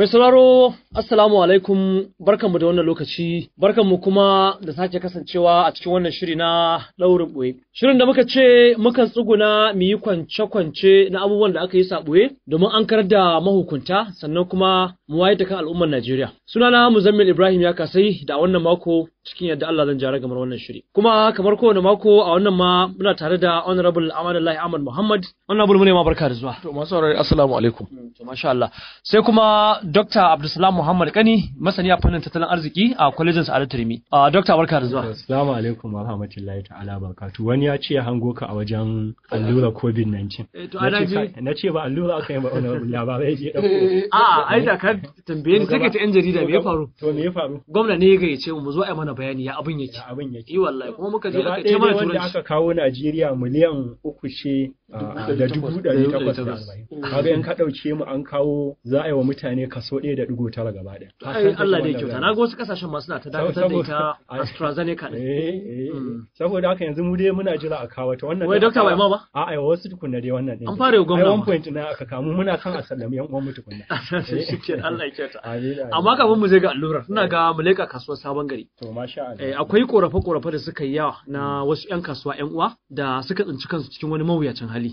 メスラロー Assalamu alaikum barkanmu da wannan lokaci, barkanmu kuma da sake kasancewa a cikin wannan shiri na ɗaurin ɓoye. Shirin da muka ce muka tsuguna mu yi kwance-kwance na abubuwan da aka yi saɓoye domin an karar da mahukunta sannan kuma mu waye kan al'ummar Najeriya. Sunana Muzammil Ibrahim ya kasai da wannan mako cikin yadda Allah zan jara gamar wannan shiri. Kuma kamar kowane mako a wannan ma muna tare da Honorable Amadullahi Ahmad Muhammad. Honorable mu ne ma barka da zuwa. To masu Assalamu alaikum. masha Allah. Sai kuma Dr. Abdulsalam Muhammad Kani masani a fannin tattalin arziki a kwalejin Sa'adatu Rimi. A Dokta barka da zuwa. Assalamu alaikum wa rahmatullahi ta'ala barakatuh. Wani ya ce ya hango ka a wajen allura COVID-19. Eh, na ce ba allura aka yi ba wani labarai ya dauko. A ah, ai da kan tambaye ni take ta yan jarida me ya faru? To me ya faru? Gwamna ne ya gayyace mu mu zo ai mana bayani ya abin yake. Ya abin yake. Eh wallahi kuma muka je aka ce mana turanci. Wanda aka kawo Najeriya miliyan uku ce Ah, da dubu ɗari takwas da mm. kaga in ka ɗauke mu an kawo za a yi wa mutane kaso ɗaya da ɗigo tara gaba ɗaya ai Allah dai kyauta na ga wasu ƙasashen masu na ta dakatar da ita AstraZeneca ne. Eh, eh, eh. mm. saboda haka yanzu mu dai muna jira a kawo ta wannan wai dokta bai ma ba a ai wasu tukunna dai wannan ɗin an fara gwamna gwamnati 1.9 aka kamu muna kan a sallami yan uwan mu tukunna shikenan Allah ya kyauta amma kafin mu je ga allurar ina ga mu leƙa kasuwar sabon gari to masha Allah akwai korafe-korafe da suka yi yawa na wasu 'yan kasuwa 'yan uwa da suka tsinci kansu cikin wani mawuyacin hali hali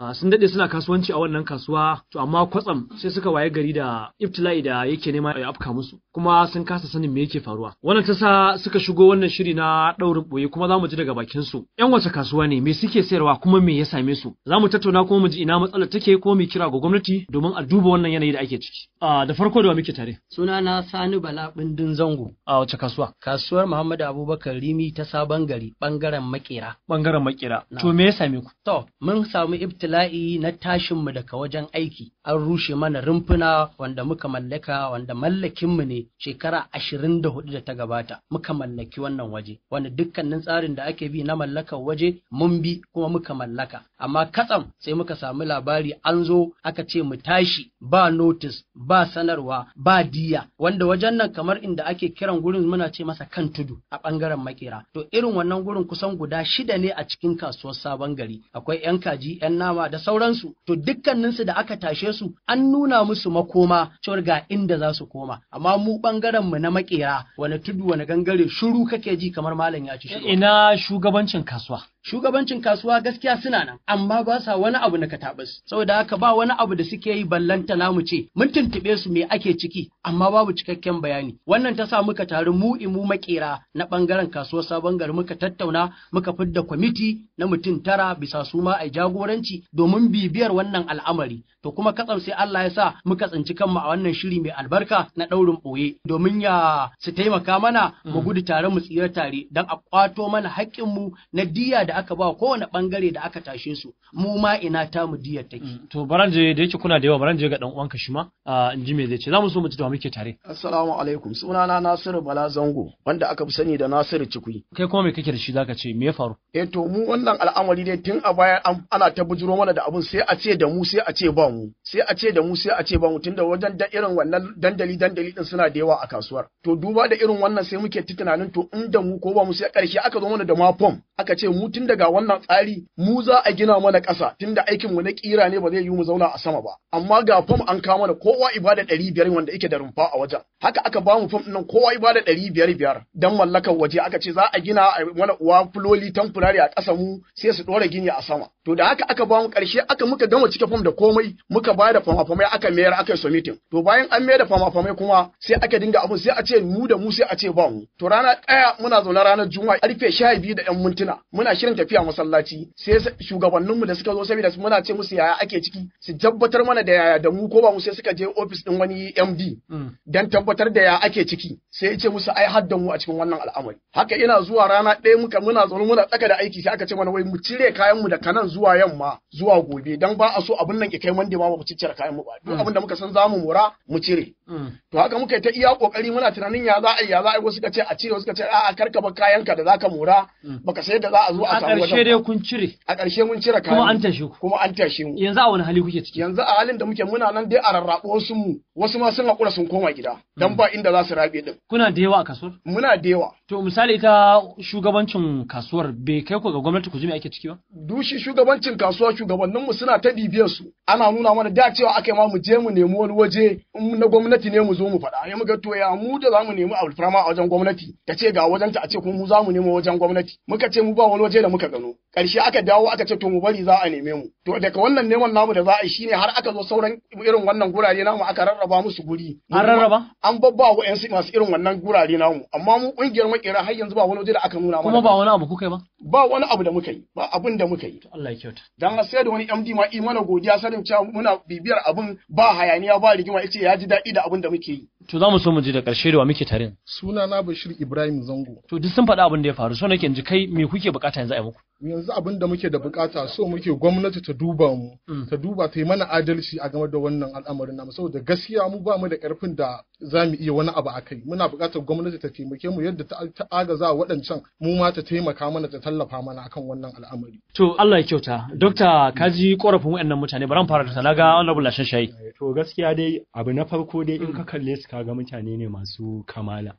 ah, sun daɗe suna kasuwanci a wannan kasuwa to amma kwatsam sai suka waye gari da iftila'i da yake nema ya afka musu kuma sun kasa sanin me yake faruwa wannan ta sa suka shigo wannan shiri na ɗaurin ɓoye kuma za mu ji daga bakin su yan wace kasuwa ne me suke sayarwa kuma me ya same su za mu tattauna kuma mu ji ina matsalar take ko mu kira ga gwamnati domin a duba wannan yanayi da ake ciki ah, da farko da muke tare suna na Sani Bala bindin zango a wace kasuwa kasuwar Muhammadu Abubakar Rimi ta Sabon Gari bangaren makera Ɓangaren makera to me ya same ku to mun samu ibtila'i na tashinmu daga wajen aiki, an rushe mana rumfuna wanda muka mallaka wanda mallakinmu ne shekara ashirin da hudu da ta gabata, muka mallaki wannan waje, wanda dukkanin tsarin da ake bi na mallakar waje mun bi kuma muka mallaka. Amma katsam sai muka samu labari an zo aka ce mu tashi ba notis, ba sanarwa, ba diya, wanda wajen nan kamar inda ake kiran gurin muna ce masa kan tudu a ɓangaren makera. To irin wannan gurin kusan guda shida ne a cikin kasuwar sabon gari. Akwai 'yan kaji kaji, ‘yan nama da sauransu, to dukkaninsu da aka tashe su an nuna musu makoma cewar ga inda za su koma, amma mu ɓangaren mu na makera wani tudu wani gangare shuru kake ji kamar malam ya ci shiru. Ina shugabancin kasuwa. Shugabancin kasuwa gaskiya suna nan, amma ba sa wani abu na katabas, saboda haka ba wani abu da suke yi ballanta namu ce, mun tuntuɓe su me ake ciki, amma babu cikakken bayani. Wannan ta sa muka taru mu imu makera na ɓangaren kasuwa sabon gari muka tattauna muka fidda kwamiti na mutum tara bisa su ma a jagoranci domin bibiyar wannan al'amari to kuma katsam sai Allah ya sa muka tsinci kanmu a wannan shiri mai albarka na ɗaurin ɓoye domin ya su taimaka mana mu mm. gudu tare mu tsira tare don a ƙwato mana haƙƙinmu na diya da aka ba kowane ɓangare da aka tashe su mu ma ina ta mu diyar take. Mm. To baranje da yake kuna da yawa baranje ga ɗan uwanka shi ma in ji me zai ce za mu so mu ji da muke tare. Assalamu alaikum sunana Nasiru Bala Zango wanda aka fi sani da Nasiru Cikui. Kai kuma me kake da shi zaka ce me ya faru? Eh to mu wannan al'amari dai tun a baya an ana ta bujuro mana da abun sai a ce da mu sai a ce ba mu sai a ce da mu sai a ce ba mu tunda wajen da irin wannan dandali dandali din suna da yawa a kasuwar to duba da irin wannan sai muke ta tunanin to in da mu ko ba mu sai karshe aka zo mana da ma form aka ce mu tun daga wannan tsari mu za a gina mana ƙasa tunda aikin mu na kira ne ba zai yi mu zauna a sama ba amma ga fam an kawo mana kowa ibada ɗari wanda yake da rumfa a wajen haka aka ba mu form ɗin kowa ibada ɗari biyar dan mallakar waje aka ce za a gina mana uwa fuloli tamfurari a ƙasa mu sai su ɗora gini a sama to da haka aka ba mu ƙarshe aka muka gama cike fom da komai muka ba da fama-famai aka mayar aka mitin. to bayan an mayar da fama fama kuma sai aka dinga abun sai a ce mu da mu sai a ce ba mu to rana ɗaya muna zaune ranar juma'a karfe sha biyu da 'yan mintuna muna shirin tafiya masallaci sai shugabanninmu da suka zo saboda muna ce musu yaya ake ciki su tabbatar mana da yaya da mu ko ba mu sai suka je ofis ɗin wani MD mm. dan tabbatar da yaya ake ciki sai ya ce musu ai hadda mu a cikin wannan al'amari haka ina zuwa rana ɗaya muka muna zaune muna tsaka da aiki sai aka ce mana wai mu cire kayan mu da kanan zuwa zuwa yamma zuwa gobe dan ba a so abin nan ki kai mande ma mu ciccire kayan mu ba duk abin da muka san zamu mura mu cire mm. to haka muka yi ta iya kokari muna tunanin ya za a ya za a wasu kace a cire wasu kace a a karka ba kayan ka da zaka mura baka sai da za a zo a samu wajen a karshe dai kun cire a karshe mun cire kayan kuma an tashi ku kuma an tashi mu yanzu a wani hali kuke ciki yanzu a halin da muke muna nan dai a rarrabo wasu mu wasu ma sun hakura sun koma gida dan ba inda za su rabe din kuna da yawa a kasuwar muna da yawa to misali ita shugabancin kasuwar bai kai ku ga gwamnati ku ji me ake ciki ba dushi shugaban shugabancin kasuwa mu suna ta bibiyar su ana nuna mana da cewa aka ma mu je mu nemi wani waje in na gwamnati ne mu zo mu faɗa mu muka to ya mu da zamu nemi alfarma a wajen gwamnati ta ce ga wajen ta a ce kuma mu zamu nemi wajen gwamnati muka ce mu ba wani waje da muka gano karshe aka dawo aka ce to mu bari za a neme mu to daga wannan neman namu da za a yi shine har aka zo sauran irin wannan gurare namu aka rarraba musu guri an rarraba an babba wa yan masu irin wannan gurare namu amma mu kungiyar makera har yanzu ba wani waje da aka nuna mana kuma ba wani abu kuka yi ba ba wani abu da muka yi ba abin da muka yi Allah ya kyauta dan sai da wani MD ma eh, mana godiya sanin cewa muna bibiyar abin ba hayaniya ba rigima yace ya ji daɗi da abin da muke yi To za mu so mu ji da ƙarshe da wa muke tarin. Suna na Bashir Ibrahim Zango. To duk sun faɗa abin da ya faru so nake ji kai me kuke bukata yanzu a muku. Yanzu abin da muke da bukata so muke gwamnati ta duba mu, mm. ta duba ta yi mana adalci a game da wannan al'amarin namu saboda gaskiya mu ba mu da ƙarfin da za mu iya wani abu a kai. Muna buƙatar gwamnati ta taimake mu yadda ta agaza waɗancan mu ma ta taimaka mana ta tallafa mana akan wannan al'amari. To Allah ya kyauta. Dokta ka ji ƙorafin wa'annan mutane bari fara da talaga wannan bulashin shayi. To gaskiya dai abu na farko dai in ka kalle su kaga mutane ne masu kamala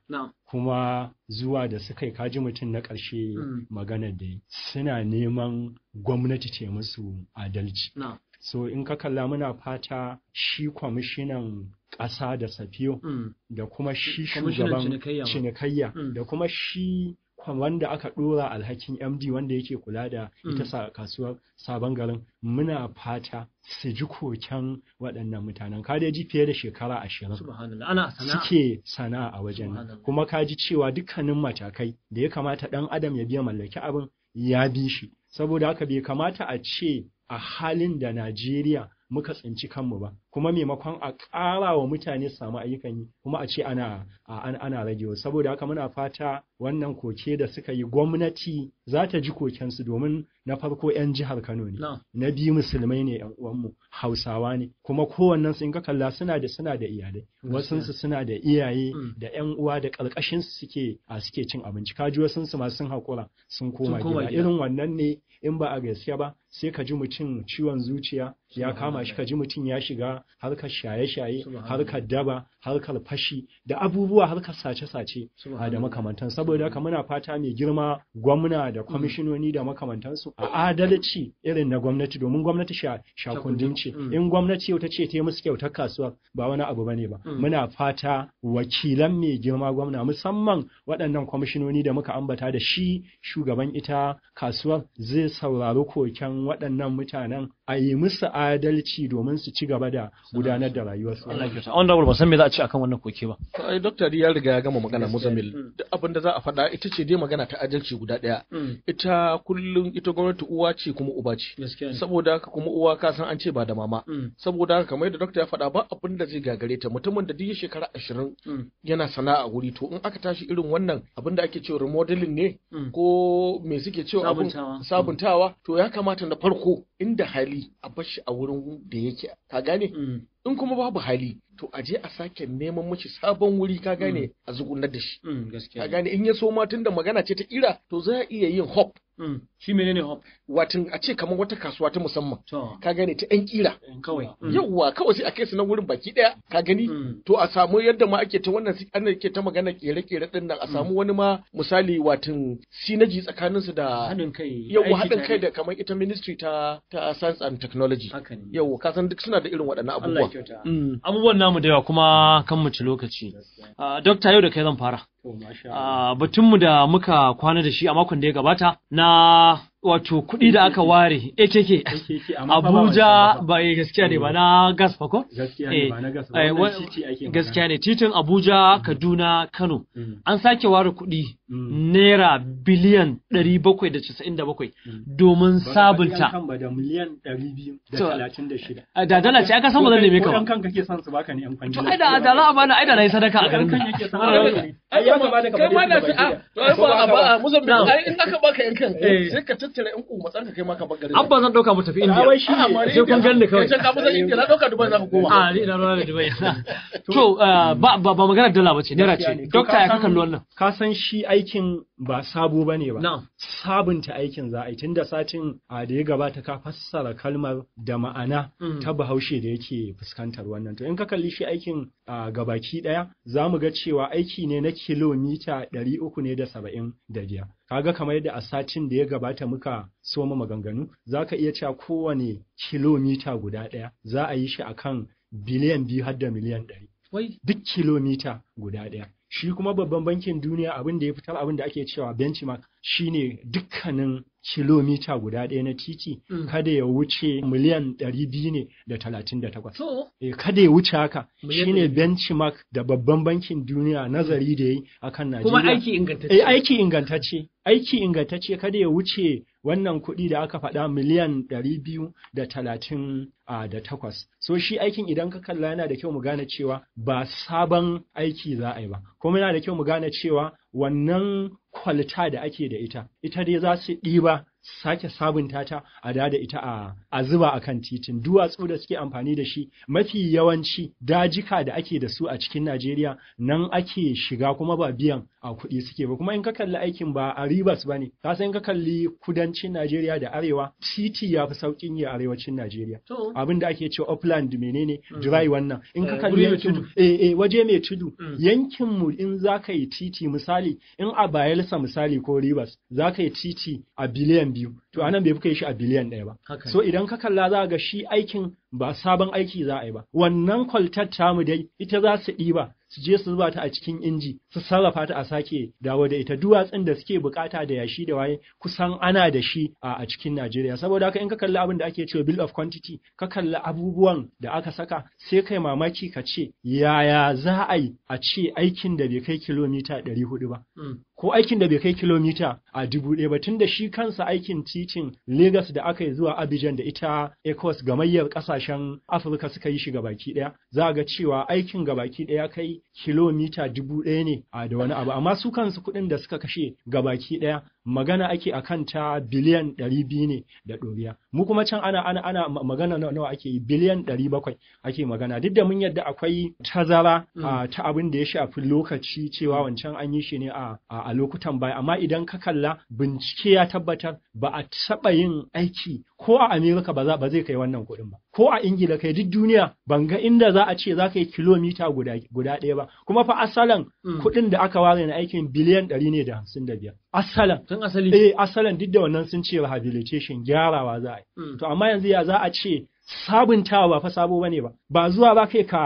kuma zuwa da suka yi kaji mutum na ƙarshe hmm. magana da suna neman gwamnati ce musu adalci so in ka kalla muna fata shi kwamishinan ƙasa da safiyo hmm. da kuma shi shugaban cinikayya hmm. da kuma shi wanda aka dora alhakin md wanda yake kula da ita mm. sa kasuwar sabon garin muna fata su ji koken waɗannan mutanen ka ji fiye da shekara ashirin suke sana'a a wajen kuma ka ji cewa dukkanin matakai da ya kamata ɗan adam ya biya mallaki abin ya bi shi saboda haka bai kamata a ce a halin da najeriya muka tsinci kanmu ba kuma maimakon a ƙara wa mutane samu ayyukan yi kuma a ce ana ana rage saboda haka muna fata wannan koke da suka yi gwamnati za ta ji kokensu domin na farko 'yan jihar Kano ne, na biyu musulmai ne 'yan uwanmu Hausawa ne, kuma kowannen sun ga kalla suna da suna da iyalai, wasunsu suna da iyaye mm. da 'yan uwa da ƙarƙashin suke a suke cin abinci, kaji su ma sun haƙura sun koma gida. Irin wannan ne in ba a gaske ba sai ka ji mutum ciwon zuciya ya kama shi ka ji mutum ya shiga harkar shaye-shaye, harkar daba, harkar fashi da abubuwa harkar sace-sace da makamantan saboda saboda haka mm-hmm. muna fata mai girma gwamna da mm-hmm. kwamishinoni da makamantansu a adalci irin na gwamnati domin gwamnati shakundin ce mm. in gwamnati yau ta ce ta musu kyautar kasuwar ba wani abu bane ba mm. muna fata wakilan mai girma gwamna musamman waɗannan kwamishinoni da muka ambata da shi shugaban ita kasuwar zai saurari koken waɗannan mutanen a yi musu adalci domin su ci gaba da gudanar da rayuwarsu. Allah ya kyauta. Wanda ba san me za a ci akan wannan koke ba. Dokta Dr. ya riga ya gama magana Muzamil. Mm. Duk abin da za a faɗa ita ce dai magana ta ajalci guda ɗaya hmm. ita kullum ita gwamnati uwa ce kuma uba ce saboda haka kuma uwa ka san an ce ba da mama hmm. saboda haka kamar yadda dokta ya faɗa ba abin da zai gagare ta mutumin da duk shekara ashirin hmm. yana sana'a wuri to in aka tashi irin wannan abin da ake cewa remodeling ne ko me suke cewa abin sabuntawa to ya kamata na farko inda hali a bashi a wurin da yake ka gane in kuma babu hali to a je a sake neman mace sabon wuri ka gane mm. a zugunar da shi mm, ka gane in ya so ma da magana ce ta ira to za a iya yin hop mm. Shi menene Watin a ce kamar wata kasuwa ta musamman. Ka gane ta ƴan kira. Eh, kawai. Mm. Yawwa kawai sai a kai su na wurin baki ɗaya ka gani. Mm. To a samu yadda ma ake ta wannan ana ke ta magana kere-kere ɗin nan a mm. samu wani ma misali watan sinaji tsakanin su da. Haɗin kai. Yawwa haɗin kai da kamar ita ministry ta ta science and technology. Yawwa ka san duk suna da irin waɗannan abubuwa. Abubuwan namu da yawa kuma kan mu ci lokaci. Ah, dokta yau da kai zan fara. Ah, batunmu da muka kwana da shi a makon da ya gabata na uh, wato kuɗi da aka ware eh, eh, AKK Abuja ba eh, gaskiya ne ba na gas ba ko gaskiya ne titin Abuja mm. Kaduna Kano mm. an sake ware kuɗi mm. naira biliyan 797 domin sabunta da miliyan da dala ce aka san ba zan neme ka ba kan son su baka ne yan da a bana ai da nayi sadaka a garin a tattara ku kuma tsanka kai ma bagare abba zan dauka mu tafi wai shi sai kun ganni kawai sai ka mu zan na dauka dubai za koma a ni na dauka dubai to uh, ba ba ba magana dala bace naira ce dokta ya kakan wannan ka san shi aikin ba sabo bane ba na'am sabunta aikin za a yi da satin a da ya gabata ka fassara kalmar da ma'ana mm. ta bahaushe da yake fuskantar wannan to in ka kalli shi aikin a gabaki daya za mu ga cewa aiki ne na kilomita ɗari uku ne da saba'in da biyar kaga kamar yadda a satin da ya gabata muka soma maganganu za ka iya cewa kowane kilomita guda ɗaya za a yi shi akan biliyan biyu har da miliyan ɗari duk kilomita guda ɗaya shi kuma babban bankin duniya abin da ya fitar abin da ake cewa benchmark shine dukkanin kilomita guda ɗaya na titi mm. kada ya wuce miliyan ɗari biyu ne da talatin da takwas. Eh, kada ya wuce haka shine benchmark da babban bankin duniya nazari da ya yi a kan Najeriya. Kuma eh, aiki ingantacce. Aiki ingantacce. kada ya wuce wannan kuɗi da aka faɗa miliyan ɗari biyu da talatin da takwas. So shi aikin idan ka kalla yana da kyau mu gane cewa ba sabon aiki za a yi ba. Kuma yana da kyau mu gane cewa wannan kwalta da ake da ita ita dai za su ɗiba sake sabunta ta a da da ita a a zuba akan titin duwatsu da suke amfani da shi mafi yawanci dajika da ake da su a cikin Najeriya nan ake shiga kuma ba biyan a kuɗi suke ba kuma in ka kalli aikin ba a ribas ba ne ka san in ka kalli kudancin Najeriya da arewa titi ya fi saukin yi arewacin Najeriya abin da ake cewa upland menene mm. dry wannan in ka eh, kalli eh eh waje mai tudu mm. yankin mu in zaka yi titi misali in a Bayelsa misali ko Rivers zaka yi titi a biliyan bio. to anan bai fi shi a biliyan ɗaya ba so idan ka kalla za ga shi aikin ba sabon aiki za a yi ba wannan kwaltar mu dai ita za su ɗiba su je su zuba ta a cikin inji su sarrafa ta a sake dawo da ita duwatsun da suke bukata da yashi da waye kusan ana da shi a cikin Najeriya saboda haka in ka kalli abin da ake cewa bill of quantity ka kalla abubuwan da aka saka sai kai mamaki ka ce yaya za a yi a ce aikin da bai kai kilomita 400 ba mm. ko aikin da bai kai kilomita a dubu ɗaya ba tun da shi kansa aikin ti titin Legas da aka yi zuwa Abidjan da ita ECOWAS gamayyar kasashen Afirka suka yi shi ga baki ɗaya? za ga cewa aikin gabaki ɗaya kai kilomita dubu ɗaya ne a da wani abu amma su kansu kuɗin da suka kashe gabaki ɗaya. magana ake akan ta biliyan 200 ne da ɗoriya mu kuma can ana ana ana magana nawa ake yi biliyan 700 ake magana duk da mun yadda akwai tazara hmm. ah, ta abin da ya shafi lokaci cewa hmm. wancan an yi shi ne a a lokutan baya amma idan ka kalla bincike ya tabbatar ba a taɓa yin aiki ko a Amerika ba zai kai wannan kuɗin ba ko a ingila kai duk duniya ban ga inda za a ce za ka yi kilomita guda, guda ɗaya ba kuma fa asalan hmm. kuɗin da aka ware na aikin biliyan ɗari ne da hamsin da biyar asalan tun asali eh asalan duk da wannan sun ce rehabilitation gyarawa za a yi hmm. to amma yanzu ya za a ce sabuntawa ba fa sabo bane ba ba zuwa ba kai ka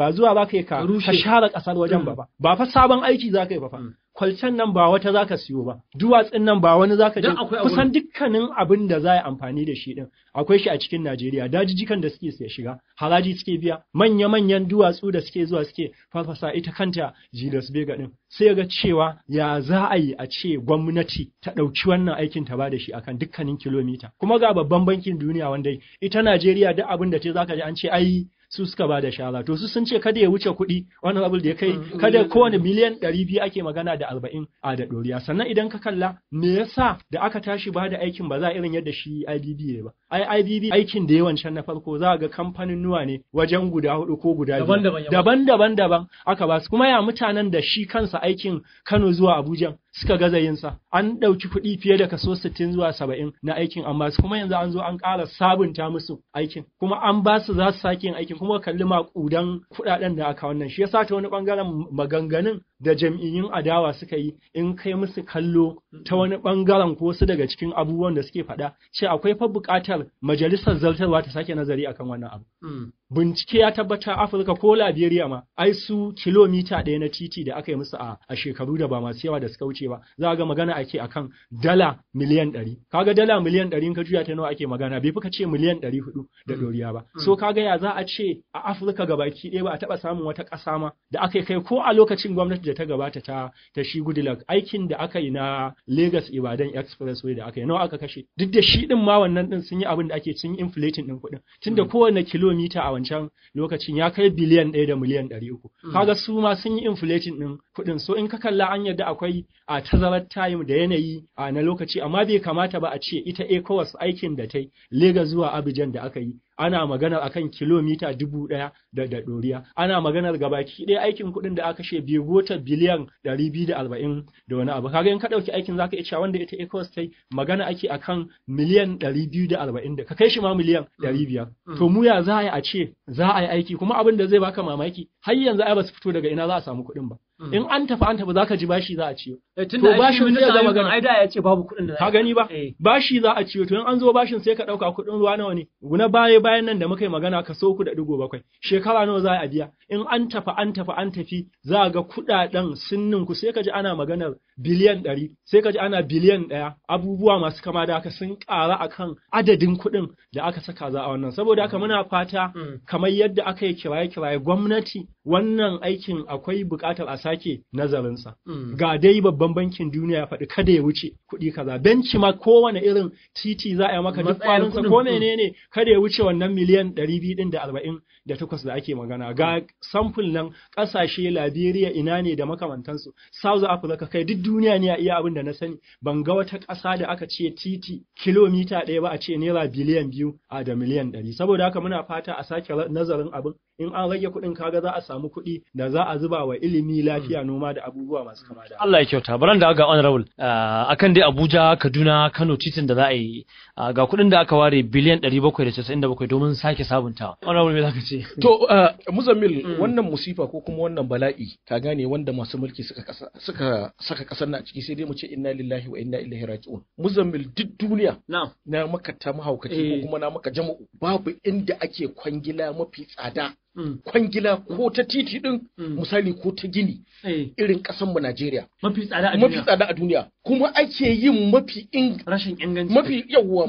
ba zuwa ba kai ka ka share kasar wajen ba ba hmm. ba fa sabon aiki za ka yi ba fa kwalcen nan ba wata za ka siyo ba duwatsun nan ba wani za ka je kusan dukkanin abin da za a amfani da shi din akwai shi a cikin Najeriya dajijikan da suke sai shiga haraji suke biya manya manyan duwatsu da suke zuwa suke fafasa ita kanta Julius Bega din sai ga cewa ya za a yi a ce gwamnati ta ɗauki wannan aikin ta ba da shi akan dukkanin kilomita kuma ga babban bankin duniya wanda ita Najeriya duk abin da ta zaka je an ce ai su suka ba da shara to su sun ce kada ya wuce kuɗi wannan abul da ya kai mm. kada kowane miliyan ɗari biyu ake magana da arba'in a da ɗoriya sannan idan ka kalla me yasa da aka tashi ba da aikin ba za a irin yadda shi IBB ne ba ai IBB aikin da yawan can na farko za ga kamfanin nuwa ne wajen guda hudu ko guda biyu daban-daban daban aka ba su kuma ya mutanen da shi kansa aikin Kano zuwa Abuja suka gaza yin sa an ɗauki kuɗi fiye da kaso 60 zuwa saba'in na aikin an kuma yanzu an zo an ƙara sabunta musu aikin kuma an basu za su sake yin aikin kuma kalli maƙudan kuɗaɗen da aka wannan shi yasa ta wani ɓangaren maganganun da jam'iyyun adawa suka yi in kai musu kallo ta wani ɓangaren ko wasu daga cikin abubuwan da suke faɗa ce akwai fa buƙatar majalisar zartarwa ta sake nazari akan wannan abu. Hmm. bincike ya tabbatar Afirka ko Liberia ma ai su kilomita ɗaya na titi da aka yi musu a, a shekaru da ba masu yawa da suka wuce ba za ga magana ake akan dala miliyan ɗari Ka ga dala miliyan ɗari ka juya ta nawa ake magana bai fuka ce miliyan ɗari hudu da mm. ɗoriya ba mm. so kaga ya za a ce a Afirka gabaki ɗaya ba a taɓa samun wata ƙasa ma da aka kai ko a lokacin gwamnati da ta gabata ta ta shi Goodluck aikin da aka yi na Lagos Ibadan Expressway da aka yi nawa aka kashe duk da shi din ma wannan din sun yi abin da ake cin inflating din kuɗin tunda mm. kowane kilomita wancan lokacin ya kai biliyan ɗaya da miliyan ɗari uku hmm. kaga su ma sun yi inflation ɗin kuɗin so in ka kalla an yadda akwai a tazarar time da yanayi a na lokaci amma bai kamata ba a ce ita ECOWAS aikin da ta yi Legas zuwa Abidjan da aka yi ana maganar akan kilomita dubu ɗaya da ɗoriya ana maganar gabaki ɗaya aikin kuɗin da aka she bai gota biliyan ɗari biyu da arba'in da wani abu kaga in ka ɗauki aikin zaka iya wanda ita ecos ta magana ake akan miliyan ɗari biyu da arba'in da ka kai shi ma miliyan ɗari mm. biyar mm. to mu ya za a ce za a yi aiki kuma abin da zai baka mamaki har yanzu ai ba su fito daga ina za a samu kuɗin ba in mm. an tafi an tafi ka ji bashi za a ciyo eh, to bashin zai zama gani ai da ya ce babu kuɗin da za ka gani ba eh. bashi za a ciyo to in an zo bashin sai ka ɗauka kuɗin ruwa nawa ne guna baya bayan nan da muka yi magana ka so da ɗigo bakwai shekara nawa za a biya in an tafi an tafi an tafi za ga kuɗaɗen sunnin ku sai ka ji ana maganar biliyan ɗari sai ka ji ana biliyan ɗaya abubuwa masu kama da haka sun ƙara akan adadin kuɗin da aka saka za a wannan saboda haka muna fata mm. kamar yadda aka yi kiraye-kiraye gwamnati wannan aikin akwai buƙatar a ake nazarinsa. Hmm. Ga dai babban bankin duniya ya faɗi kada ya wuce kuɗi kaza. Benci ma kowane irin titi za a yi maka duk kwalinsa ko menene kada ya wuce wannan miliyan ɗari biyu ɗin da arba'in da takwas da ake magana. Ga samful nan ƙasashe Liberia ina ne da makamantansu. South Africa kai duk duniya ne a iya abin da na sani. Ban ga wata ƙasa da aka ce titi kilomita ɗaya ba a ce naira biliyan biyu a da miliyan ɗari. Saboda haka muna fata a sake nazarin abin in an rage kuɗin kaga za a samu kuɗi da za a zuba wa ilimi lafiya hmm. noma da abubuwa masu kama da Allah ya kyauta baran da ga honorable uh, akan dai Abuja Kaduna Kano titin da za a yi uh, ga kuɗin da aka ware biliyan 797 domin sake sabuntawa honorable me zaka ce to uh, Muzammil hmm. wannan musifa ko kuma wannan bala'i ka gane wanda masu mulki suka suka saka kasar na ciki sai dai mu ce inna lillahi wa inna ilaihi raji'un Muzammil duk duniya na na maka ta mahaukaci ko eh. kuma na maka jama'u babu inda ake kwangila mafi tsada Hmm. kwangila ko ta titi din hmm. misali ko ta gini eh. irin kasan mu Najeriya mafi tsada a duniya mafi tsada a duniya kuma ake yin mafi rashin inganci mafi yawa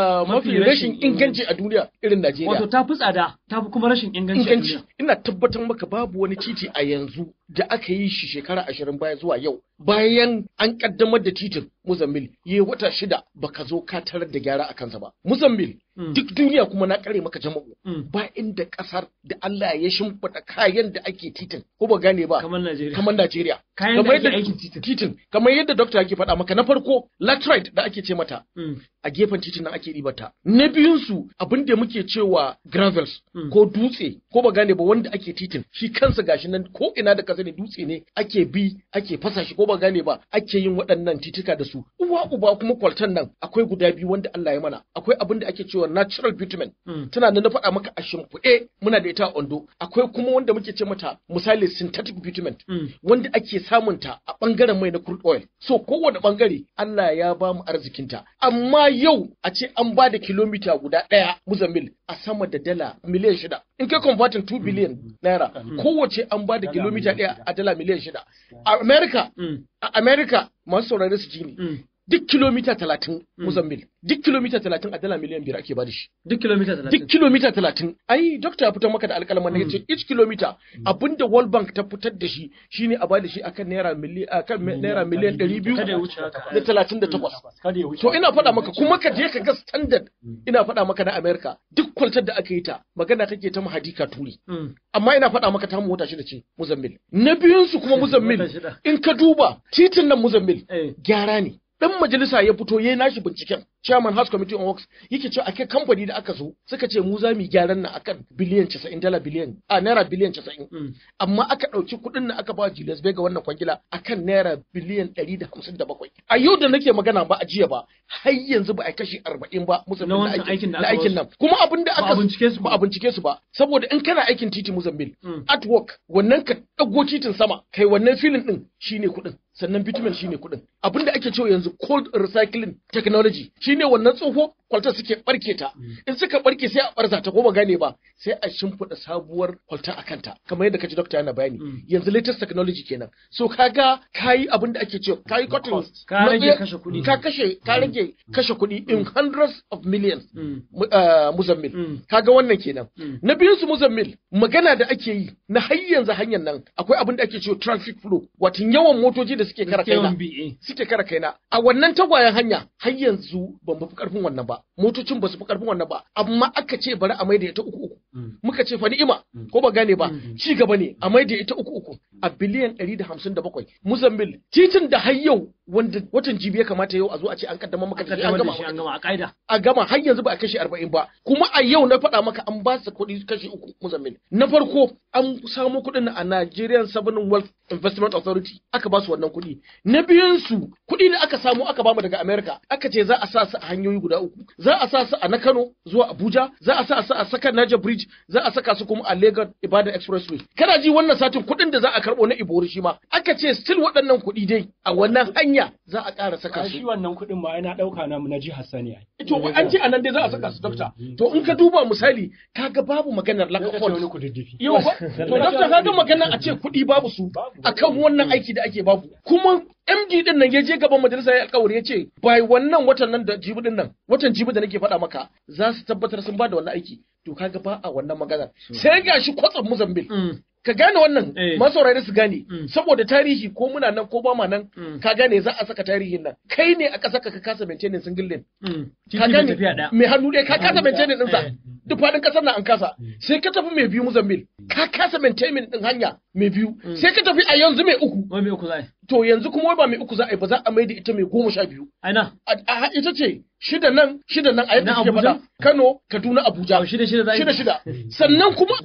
ah, mafi rashin inganci a duniya irin Najeriya wato ta fi tsada ta fi kuma rashin inganci inganci ina tabbatar maka babu wani titi a yanzu da aka yi shi shekara ashirin baya zuwa yau bayan an kaddamar da titin muzammil ya wata shida baka zo ka tarar da gyara a kansa ba muzammil hmm. duk duniya kuma na kare maka jama'u hmm. ba inda kasar da Allah ya shimfiɗa kayan da ake titin ko ba gane ba kamar Najeriya kamar yadda titin kamar yadda doctor yake faɗa maka na farko latrite da ake ce mata hmm. a gefen titin nan ake ribata na biyun su abin da muke cewa gravels hmm. ko dutse ko ba gane ba wanda ake titin shi kansa gashi nan ko ina da kasa ne dutse ne ake bi ake fasa shi ko ba gane ba ake yin waɗannan titika da su uwa uba kuma kwaltan nan akwai guda biyu wanda Allah ya mana akwai abin da ake cewa natural bitumen hmm. tana nan na faɗa maka a shimfiɗe muna da ita a ondo akwai kuma wanda muke ce mata misali synthetic bitumen wanda ake samunta a ɓangaren mai na crude oil. So kowane ɓangare Allah ya ba mu arzikinta. Amma yau a ce an ba da kilomita guda ɗaya mil a sama da dala miliyan shida. In kai convertin 2 biliyan naira mm. kowace an ba da kilomita ɗaya a dala miliyan shida. A America, mm. a America masu saurari su ji ne. duk kilomita talatin Muzambil, hmm. duk kilomita talatin a dala miliyan biyar ake ba da shi. Duk kilomita talatin? Duk kilomita talatin. Ai, dokta ya fitar maka da alƙalman na yace hmm. each kilomita hmm. abinda World Bank ta fitar da shi shine a ba da shi akan naira miliyan akan naira miliyan ɗari biyu da talatin da takwas. To ina faɗa maka kuma ka je ka ga standard ina faɗa maka na Amerika duk kwaltar da aka yi ta magana take ta mahadika turi. Amma ina faɗa maka ta mota da ce Muzambil. Na biyunsu kuma Muzambil in ka duba titin nan Muzambil eh. gyara ne. dan majalisa ya fito yayin nashi binciken chairman house committee on works yake cewa akai kamfani da aka zo suka ce mu za mu gyaran nan akan biliyan 90 dala biliyan a naira biliyan 90 hmm. amma aka dauki kudin nan aka ba Julius Bega wannan kwangila akan naira biliyan 157 a yau da nake magana ba a jiya ba har yanzu ba a kashi 40 ba musamman na aikin nan kuma abin da aka ba a bincike su ba saboda in kana aikin titi Mozambique hmm. at work wannan ka dago titin sama kai wannan filin din shine kudin sannan bitumen shine kuɗin abin da ake cewa yanzu cold recycling technology shine wannan tsoho kwalta suke barke ta mm. in suka barke sai a barza ta ko gane ba sai a shimfiɗa sabuwar kwalta a kanta kamar yadda kaji doctor yana bayani mm. yanzu latest technology kenan so kaga kayi abin da ake cewa kayi cotton ka rage kashe kuɗi ka kashe ka mm. rage kashe kuɗi in hundreds of millions uh, muzammil kaga wannan kenan na biyun su muzammil magana da ake yi na har yanzu hanyar nan akwai abin da ake cewa traffic flow wato yawan motoci da da suke kara kaina eh. suke kara kaina a wannan tagwayen hanya har yanzu ban fi karfin wannan ba motocin ba su fi karfin wannan ba amma aka ce bari a maida ita uku uku mm. muka ce fa ni'ima mm. ko ba gane ba mm. ci gaba ne a maida ita uku uku a biliyan 157 Muzambil titin da har yau wanda watan jibi ya kamata yau a zo a ce an kaddama maka da gama a gama har yanzu ba a kashe 40 ba kuma a yau na faɗa maka an ba su kuɗi kashe uku muzammin na farko an samu kuɗin a Nigerian Sovereign Wealth Investment Authority aka ba su wannan kuɗi na biyun su kuɗi ne aka samu aka ba mu daga America aka ce za a sa su a hanyoyi guda uku za a sa su a na Kano zuwa Abuja za a sa su a saka Niger Bridge za a saka su kuma a Lagos Ibadan Expressway kana ji wannan satin kuɗin da za a karɓo na Ibori shi ma aka ce still waɗannan kuɗi dai a wannan jinya za a ƙara saka su. Shi wannan kuɗin ma ina ɗauka na na jihar Sani. Eh, to an ce anan dai za a saka su dokta. To in ka duba misali kaga babu maganar lakafon. Yau To dokta ga maganar a ce kuɗi babu su akan wannan aiki da ake babu. Kuma MD din nan ya je gaban majalisa ya alƙawari ya ce bai wannan watan nan da jibi din nan watan jibi da nake faɗa maka za su tabbatar sun ba da wannan aiki to kaga ba a wannan maganar sai ga shi kwatsam Muzambil. Mm. ka gane wannan eh. masaurari su gane mm. saboda tarihi ko muna nan ko ba ma nan mm. ka gane za a saka tarihin nan kai ne a saka ka kasa maintaining single lane mm. ka gane mai hannu dai ka kasa maintaining din sa eh. duk faɗin ƙasar na an kasa mm. sai ka tafi mai biyu muzambil, mm. ka kasa maintainment ɗin hanya mai biyu mm. sai ka tafi a yanzu mai uku mai uku za to yanzu kuma ba mai uku za a yi ba za a mai da ita mai goma sha biyu ana a ita ce shida nan shida nan a yadda suke faɗa Kano Kaduna Abuja shida shida shida shida sannan kuma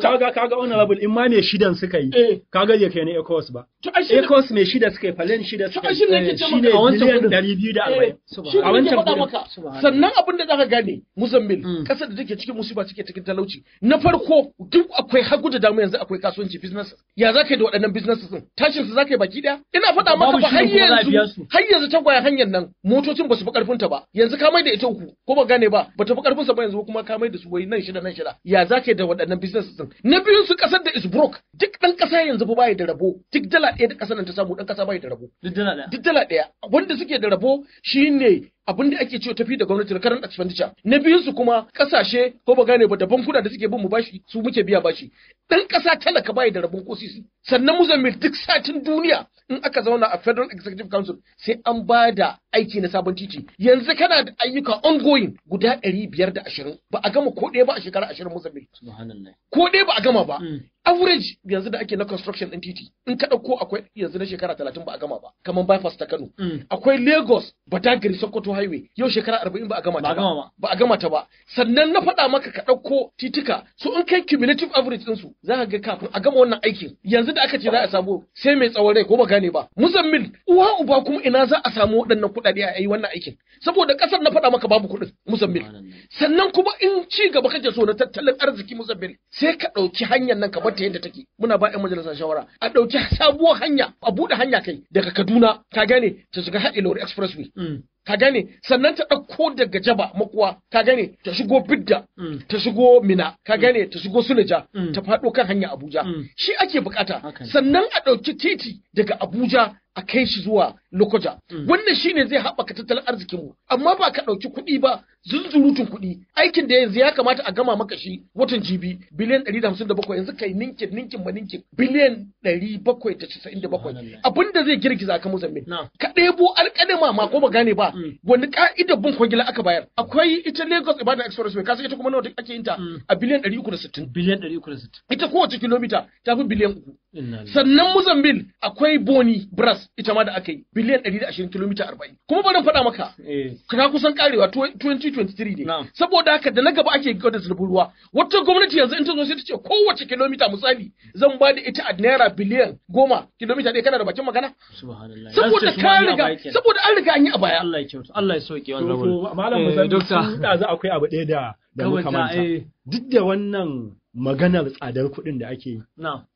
kaga kaga honorable in ma mai shidan suka yi eh. kaga ya kai ne Ecos ba Ecos mai shida suka yi Palen shida suka yi shine eh, a wancan da eh, arba'in. a wancan kudin sannan abin da za ka gane muzambil kasar da take cikin musiba suke cikin talauci na farko duk akwai hagu da damu yanzu akwai kasuwanci business ya zaka yi da waɗannan business din tashin su zaka yi baki daya ina faɗa maka ba har yanzu har yanzu ta gwaya hanyar nan motocin basu fi karfin ta ba yanzu ka mai da ita uku ko ba gane ba bata fi karfin sa ba yanzu kuma ka mai da su wai nan shida nan shida ya zaka yi da waɗannan business din na biyun su kasar da is broke duk dan kasa yanzu ba yi da rabo duk dala ɗaya da kasar nan ta samu dan kasa bai da rabo duk dala ɗaya duk dala ɗaya wanda suke da rabo shine abin da ake cewa tafi da gwamnati na current expenditure na biyun su kuma kasashe ko ba gane ba da bankuna da suke bin mu bashi su muke biya bashi dan kasa talaka bai da rabon kosisi sannan mu Mozambique duk satin duniya in aka zauna a Federal Executive Council sai an bada. aiki na sabon titi yanzu kana da ayyuka ongoing guda 520 biyar da ashirin ba a gama ko ɗaya ba a shekara ashirin musamman ko ɗaya ba a gama ba hmm. average yanzu da ake na construction ɗin titi in ka dauko akwai yanzu na shekara talatin ba a gama ba kamar bypass ta Kano hmm. akwai Lagos Badagry Sokoto highway yau shekara arba'in ba a gama ta ba ba a gama ta ba sannan na faɗa maka ka dauko titika so in kai cumulative average din su za ka ga kafin a gama wannan aikin yanzu da aka ce za a samu sai mai tsawon rai ko ba gane ba musamman uwa uba kuma ina za a samu waɗannan kuɗi kuɗaɗe a yi wannan aikin saboda kasar na faɗa maka babu kuɗin muzammil sannan kuma in ci gaba kake so na tattalin arziki muzammil sai ka ɗauki hanyar nan ka bar ta yadda take muna ba 'yan majalisa shawara a ɗauki sabuwar hanya a buɗe hanya kai daga Kaduna ka gane ta shiga Haɗe Lori Expressway hmm. ka gane sannan ta ɗauko daga jaba makuwa ka gane ta shigo bidda mm. ta shigo mina ka mm. gane ta shigo sunaja. Mm. ta faɗo kan hanya abuja shi ake bukata sannan a ɗauki titi daga abuja a kai shi zuwa lokoja wannan shi ne zai haɓaka tattalin arzikin mu amma ba ka ɗauki kuɗi ba zunzurutun kuɗi aikin da yanzu ya kamata a gama maka shi watan jibi biliyan ɗari da hamsin da bakwai yanzu kai ninkin ninkin ba ninkin biliyan ɗari bakwai da casa'in da bakwai zai girgiza ka muzammin ka ɗebo alƙalima ma ko ba gane ba Mm. wani ka'idar bin kwangila aka bayar akwai ita Lagos Ibadan mai kasa ita kuma nawa ake yin ta mm. a biliyan 360 biliyan 360 ita kowace kilomita ta fi biliyan uku Sannan Muzambil akwai Boni Bras ita ma da aka yi biliyan 120 kilomita 40. Kuma bari faɗa maka. Eh. Ka kusan karewa 2023 ne. Saboda haka da na gaba ake gwada zurfin ruwa. Wata gwamnati yanzu in ta zo sai ta ce kowace kilomita misali zan ba da ita a naira biliyan goma kilomita ɗaya kana da bakin magana. Saboda ka riga saboda an riga an yi a baya. Allah ya kyautu. Allah ya sauke wannan. Malam Mozambil eh, sun akwai abu ɗaya da da muka manta. Eh. Duk da wannan maganar tsadar kuɗin da ake yi.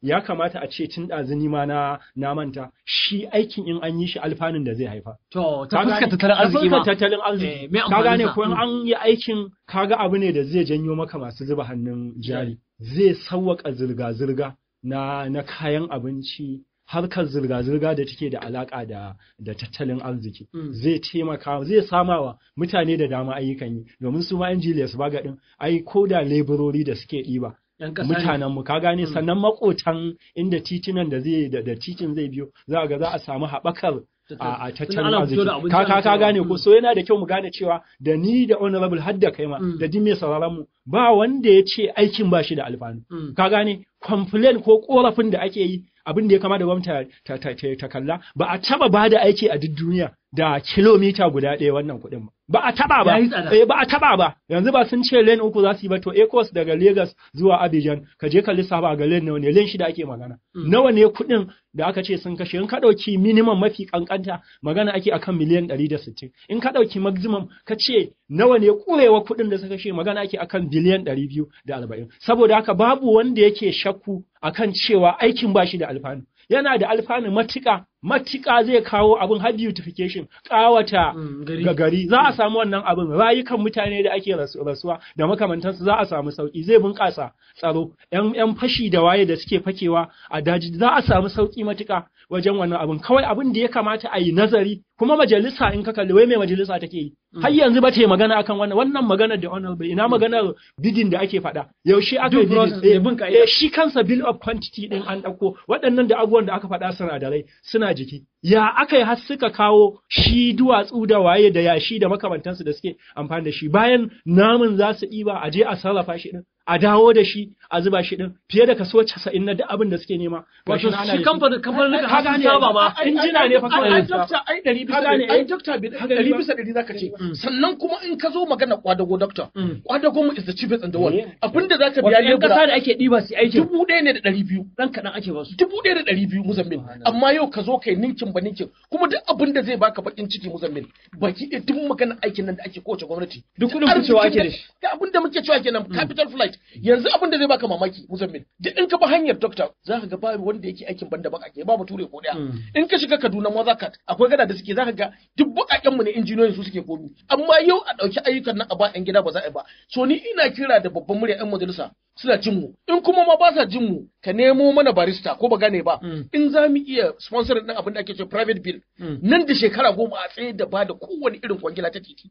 Ya kamata a ce tun ɗazini ma na na manta shi aikin in an yi shi alfanun da zai haifa. To ta fuska tattalin arziki ma. tattalin arziki. Eh, Ka gane ko mm. an yi aikin kaga abu ne da zai janyo maka masu zuba hannun jari. Zai sawwaka zirga-zirga na na kayan abinci harkar zirga-zirga da take da alaƙa da da tattalin arziki mm. zai taimaka zai samawa mutane da dama ayyukan yi domin su ma su ba gaɗin ai ko da leburori da suke ɗiba mutanen mu ka gane mm. sannan makotan inda titunan da zai da titin zai biyo za ga za a samu haɓakar a tattalin arziki ka ka gane ko mm. so yana da kyau mu gane cewa da ni da honorable hadda kai ma mm. da din mai sauraron mu ba wanda ya ce aikin ba shi da alfanu ka gane complain ko korafin da ake yi abin da ya kama da gwamnati ta kalla ba a taba ba da aiki a duk duniya da kilomita guda ɗaya wannan kuɗin ba ba a taba ba eh ba a taba ba yanzu ba sun ce lane uku za su yi ba to ecos daga Lagos zuwa Abidjan ka je ka lissafa ga lane nawa ne lane shida ake magana mm. nawa ne kudin da aka ce sun kashe in ka ɗauki minimum mafi kankanta magana ake akan miliyan 160 in ka ɗauki maximum ka ce nawa ne kurewa kuɗin da suka kashe magana ake akan biliyan 240 saboda haka babu wanda yake shakku akan cewa aikin ba shi da alfanu yana da alfanu matuƙa matuƙa zai kawo abin har beautification kawata mm, ga gari za a samu wannan abin rayukan mutane da ake rasuwa da makamantansu za a samu sauki zai bunƙasa tsaro yan yan fashi da waye da suke fakewa a daji za a samu sauki matuka wajen wannan abin kawai abin da ya kamata a yi nazari kuma majalisa in ka kalli wai mai majalisa take yi Mm. har yanzu ba ta yi magana akan wannan wannan magana da honor bai ina mm. maganar bidin da ake faɗa yaushe aka yi bidin eh, eh, shi kansa bill of quantity din an ɗauko waɗannan da abubuwan da aka faɗa sinadarai suna jiki ya aka yi har suka kawo shi duwatsu da waye da yashi da makamantansu da suke amfani da shi bayan namun za su ɗiba a je a sarrafa shi din a dawo da shi a zuba shi din fiye da kaso 90 na duk abin da suke nema wato shi kamfanin kamfanin ka ga ba ma injina ne fa kawai ai doctor ai 100 bisa ne ai doctor bi 100 bisa 100 zaka ce mm. sannan kuma in ka zo magana kwadago doctor kwadago mm. mu is the chief and the world abinda zaka biya ne kasa da ake diba su aiki dubu ɗaya ne da 200 dan kadan ake ba su dubu ɗaya da 200 biyu muzammin amma yau ka zo kai ninkin ba ninkin kuma duk abin da zai baka bakin ciki muzammin baki ɗaya duk magana aikin nan da ake kowace gwamnati duk kudin ku ake da shi abin da muke cewa kenan mm. capital flight yanzu abin da zai baka mamaki musamman duk in ka bi hanyar doctor za ka ga babu wanda yake aikin banda bakake ba bature ko daya hmm. in ka shiga Kaduna maza kat akwai gada da suke za ka ga duk bakaken mu ne injiniyoyin su suke komi amma yau a dauki ayyukan nan a ba yan gida ba za a yi ba so ni ina kira da babban murya yan majalisa suna jin mu in kuma ma ba sa jin mu ka nemo mana barista ko ba gane ba hmm. in za mu iya sponsor din abin da ake ce private bill hmm. nan da shekara goma a tsaye da ba da kowane irin kwangila ta titi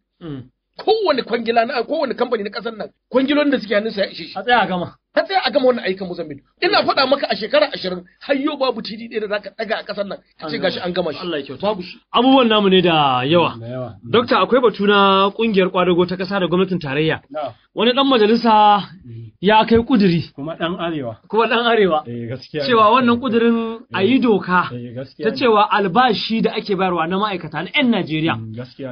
kowane kwangila na kowane kamfani na kasar nan kwangilon da suke sa ya ishe shi a tsaya gama ta tsaya a gama wannan ayyukan Mozambique ina hmm. faɗa maka a shekara ashirin yau babu tidi ɗaya da za ka ɗaga a ƙasar nan ka ce gashi an gama shi Allah ya babu shi abubuwan namu ne da yawa hmm. dokta akwai batu na ƙungiyar kwadago ta kasa da gwamnatin tarayya wani ɗan majalisa hmm. ya kai ƙuduri kuma ɗan arewa kuma ɗan arewa eh, cewa wannan ƙudurin eh. a yi doka eh, ta cewa albashi da ake bayarwa na ma'aikata na 'yan Najeriya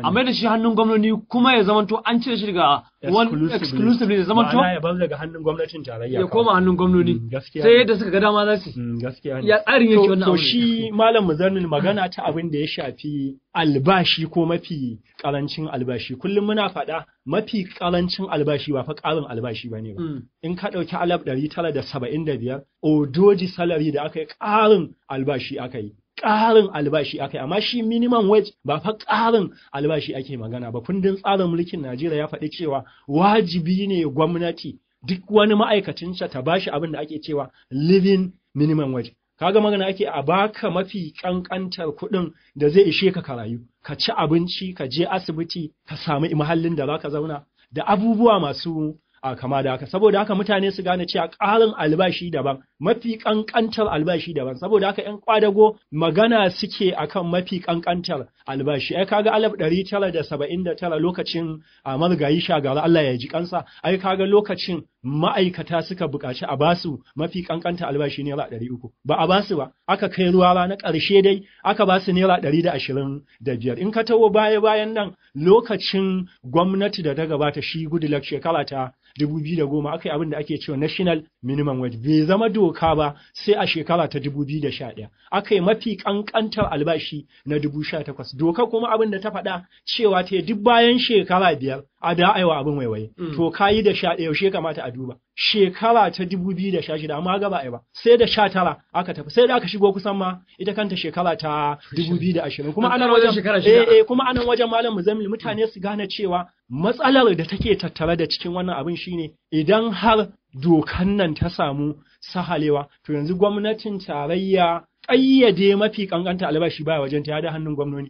a mai da shi hannun gwamnoni kuma ya zamanto an cire shi daga exclusively. da zaman to ya bar daga hannun gwamnatin tarayya ya koma hannun gwamnoni mm, sai yadda suka ga dama za su mm, gaskiya ya tsarin yake wannan to shi malam muzannin magana ta abin da ya shafi albashi ko mafi karancin albashi kullum muna faɗa mafi karancin albashi ba fa karin albashi bane ba mm. in ka ɗauki alaf ɗari tara da saba'in da biyar odoji salari da aka yi karin albashi aka yi ƙarin albashi akai amma shi minimum wage ba fa ƙarin albashi ake magana ba kundin tsarin mulkin Najeriya ya faɗi cewa wajibi ne gwamnati duk wani ma'aikacinsa ta bashi abin da ake cewa living minimum wage kaga magana ake a baka mafi ƙanƙantar kuɗin da zai ishe ka rayu ka ci abinci ka je asibiti ka samu muhallin da za ka zauna da abubuwa masu a kama da haka saboda haka mutane su gane cewa ƙarin albashi daban mafi ƙanƙantar albashi daban saboda haka ƴan ƙwadago magana suke akan mafi ƙanƙantar albashi ai kaga alaf ɗari tara da saba'in da tara lokacin a marigayi shagara Allah ya ji kansa ai kaga lokacin ma'aikata suka buƙaci a basu mafi ƙanƙanta albashi naira ɗari uku ba a basu ba aka kai ruwa ba na ƙarshe dai aka basu naira ɗari da ashirin da biyar in ka taho baya bayan nan lokacin gwamnati da ta gabata shi goodluck shekara ta dubu biyu da goma aka yi abin da ake cewa national minimum wage bai zama doka ba sai a shekara ta dubu biyu da sha ɗaya aka mafi ƙanƙantar albashi na dubu sha takwas doka kuma abin da ta faɗa cewa ta duk bayan shekara biyar a da aiwa abin waiwaye mm. to kayi da sha yaushe kamata a duba shekara ta dubu biyu da sha shida amma ga ba ba sai da sha tara aka tafi sai da aka shigo kusan ma ita kanta shekara ta dubu biyu da ashirin kuma anan wajen Shekara eh, eh kuma anan wajen malam muzammil mutane mm. su gane cewa matsalar da take tattare da cikin wannan abin shine idan har dokan nan ta samu sahalewa to yanzu gwamnatin tarayya ƙayyade mafi kankanta albashi baya wajen ta da hannun gwamnoni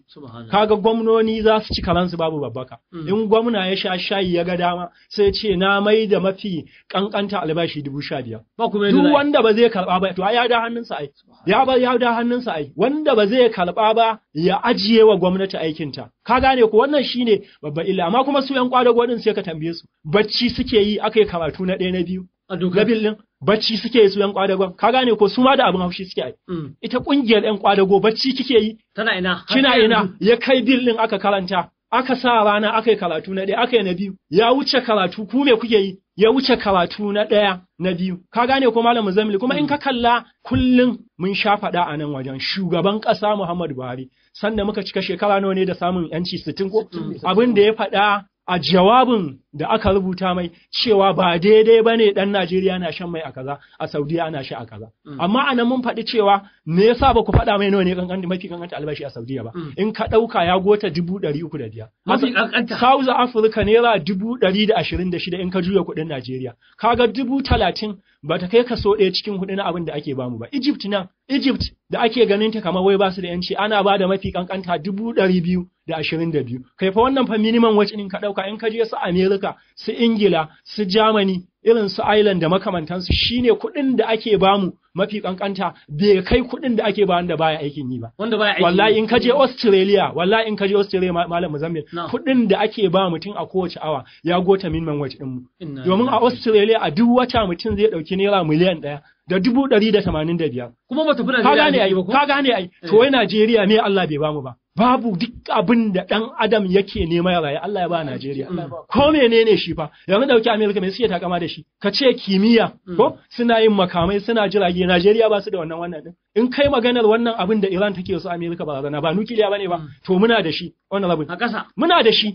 kaga gwamnoni za su ci karansu babu babbaka hmm. in gwamna ya sha shayi ya ga dama sai ce na mai da mafi kankanta albashi dubu sha biyar duk wanda ba zai karba ba to ya da hannunsa ai ya ba ya da hannunsa ai wanda ba zai karɓa ba ya ajiye wa gwamnati aikinta ka gane ko wannan shine babba illa amma kuma su yan kwadago din sai ka tambaye su bacci suke yi akai karatu na ɗaya na biyu na din bacci suke yi su yan kwadagon ka gane ko su ma da abin haushi suke yi mm. ita kungiyar yan kwadago bacci kike yi tana ina kina ina ya kai bil din aka karanta aka sa rana aka yi karatu na ɗaya aka yi na biyu ya wuce karatu ku me kuke yi ya wuce karatu na ɗaya na biyu ka gane ko malamin zamili kuma in ka mm. kalla kullum mun sha faɗa a nan wajen shugaban ƙasa Muhammadu Buhari sannan muka cika shekara nawa ne da samun yanci sittin ko abin da ya faɗa a jawabin da aka rubuta mai cewa ba daidai ba ne ɗan Najeriya na shan mai a kaza, a Saudiya ana shi a kaza. Mm. Amma a nan mun faɗi cewa me yasa ba ku faɗa mai nawa ne mafi ƙanƙanta albashi a Saudiya ba. Mm. In ka ɗauka ya gota dubu ɗari uku da biyar. Mafi ƙanƙanta. Africa naira dubu ɗari da ashirin da shida in ka juya kuɗin Najeriya. ka ga dubu talatin ba ta kai kaso ɗaya cikin kuɗi na abin da ake bamu ba. Egypt nan, Egypt da ake ganin ta kamar wai ba su da ‘yanci ana ba da mafi ƙanƙanta dubu ɗari biyu da ashirin da biyu kai fa wannan fa minimum wace in ka ɗauka in ka je su Amerika su Ingila su Germany irin su Ireland da makamantansu shine kuɗin da ake bamu mafi ƙanƙanta bai kai kuɗin da ake bayan da baya aikin yi ba wanda baya aikin wallahi in ka je Australia wallahi in ka je Australia malam Muzammil kuɗin da ake ba mutum a kowace awa ya gota minimum wace ɗin mu domin a Australia a duk wata mutum zai ɗauki naira miliyan ɗaya da dubu ɗari da tamanin da biyar kuma ba ta fi Najeriya ba ka gane ai to wai eh. Najeriya ne Allah bai bamu ba babu duk abin da ɗan adam yake nema ya rayu Allah ya ba Najeriya ko menene shi fa yanzu dauki Amerika mai suke takama da shi ka ce kimiyya mm. ko suna yin makamai suna jirage Najeriya ba su da wannan wannan din in kai maganar wannan abin da Iran take su Amerika ba zana ba nukiliya bane ba mm. to muna da shi wannan rabin a ƙasa muna da shi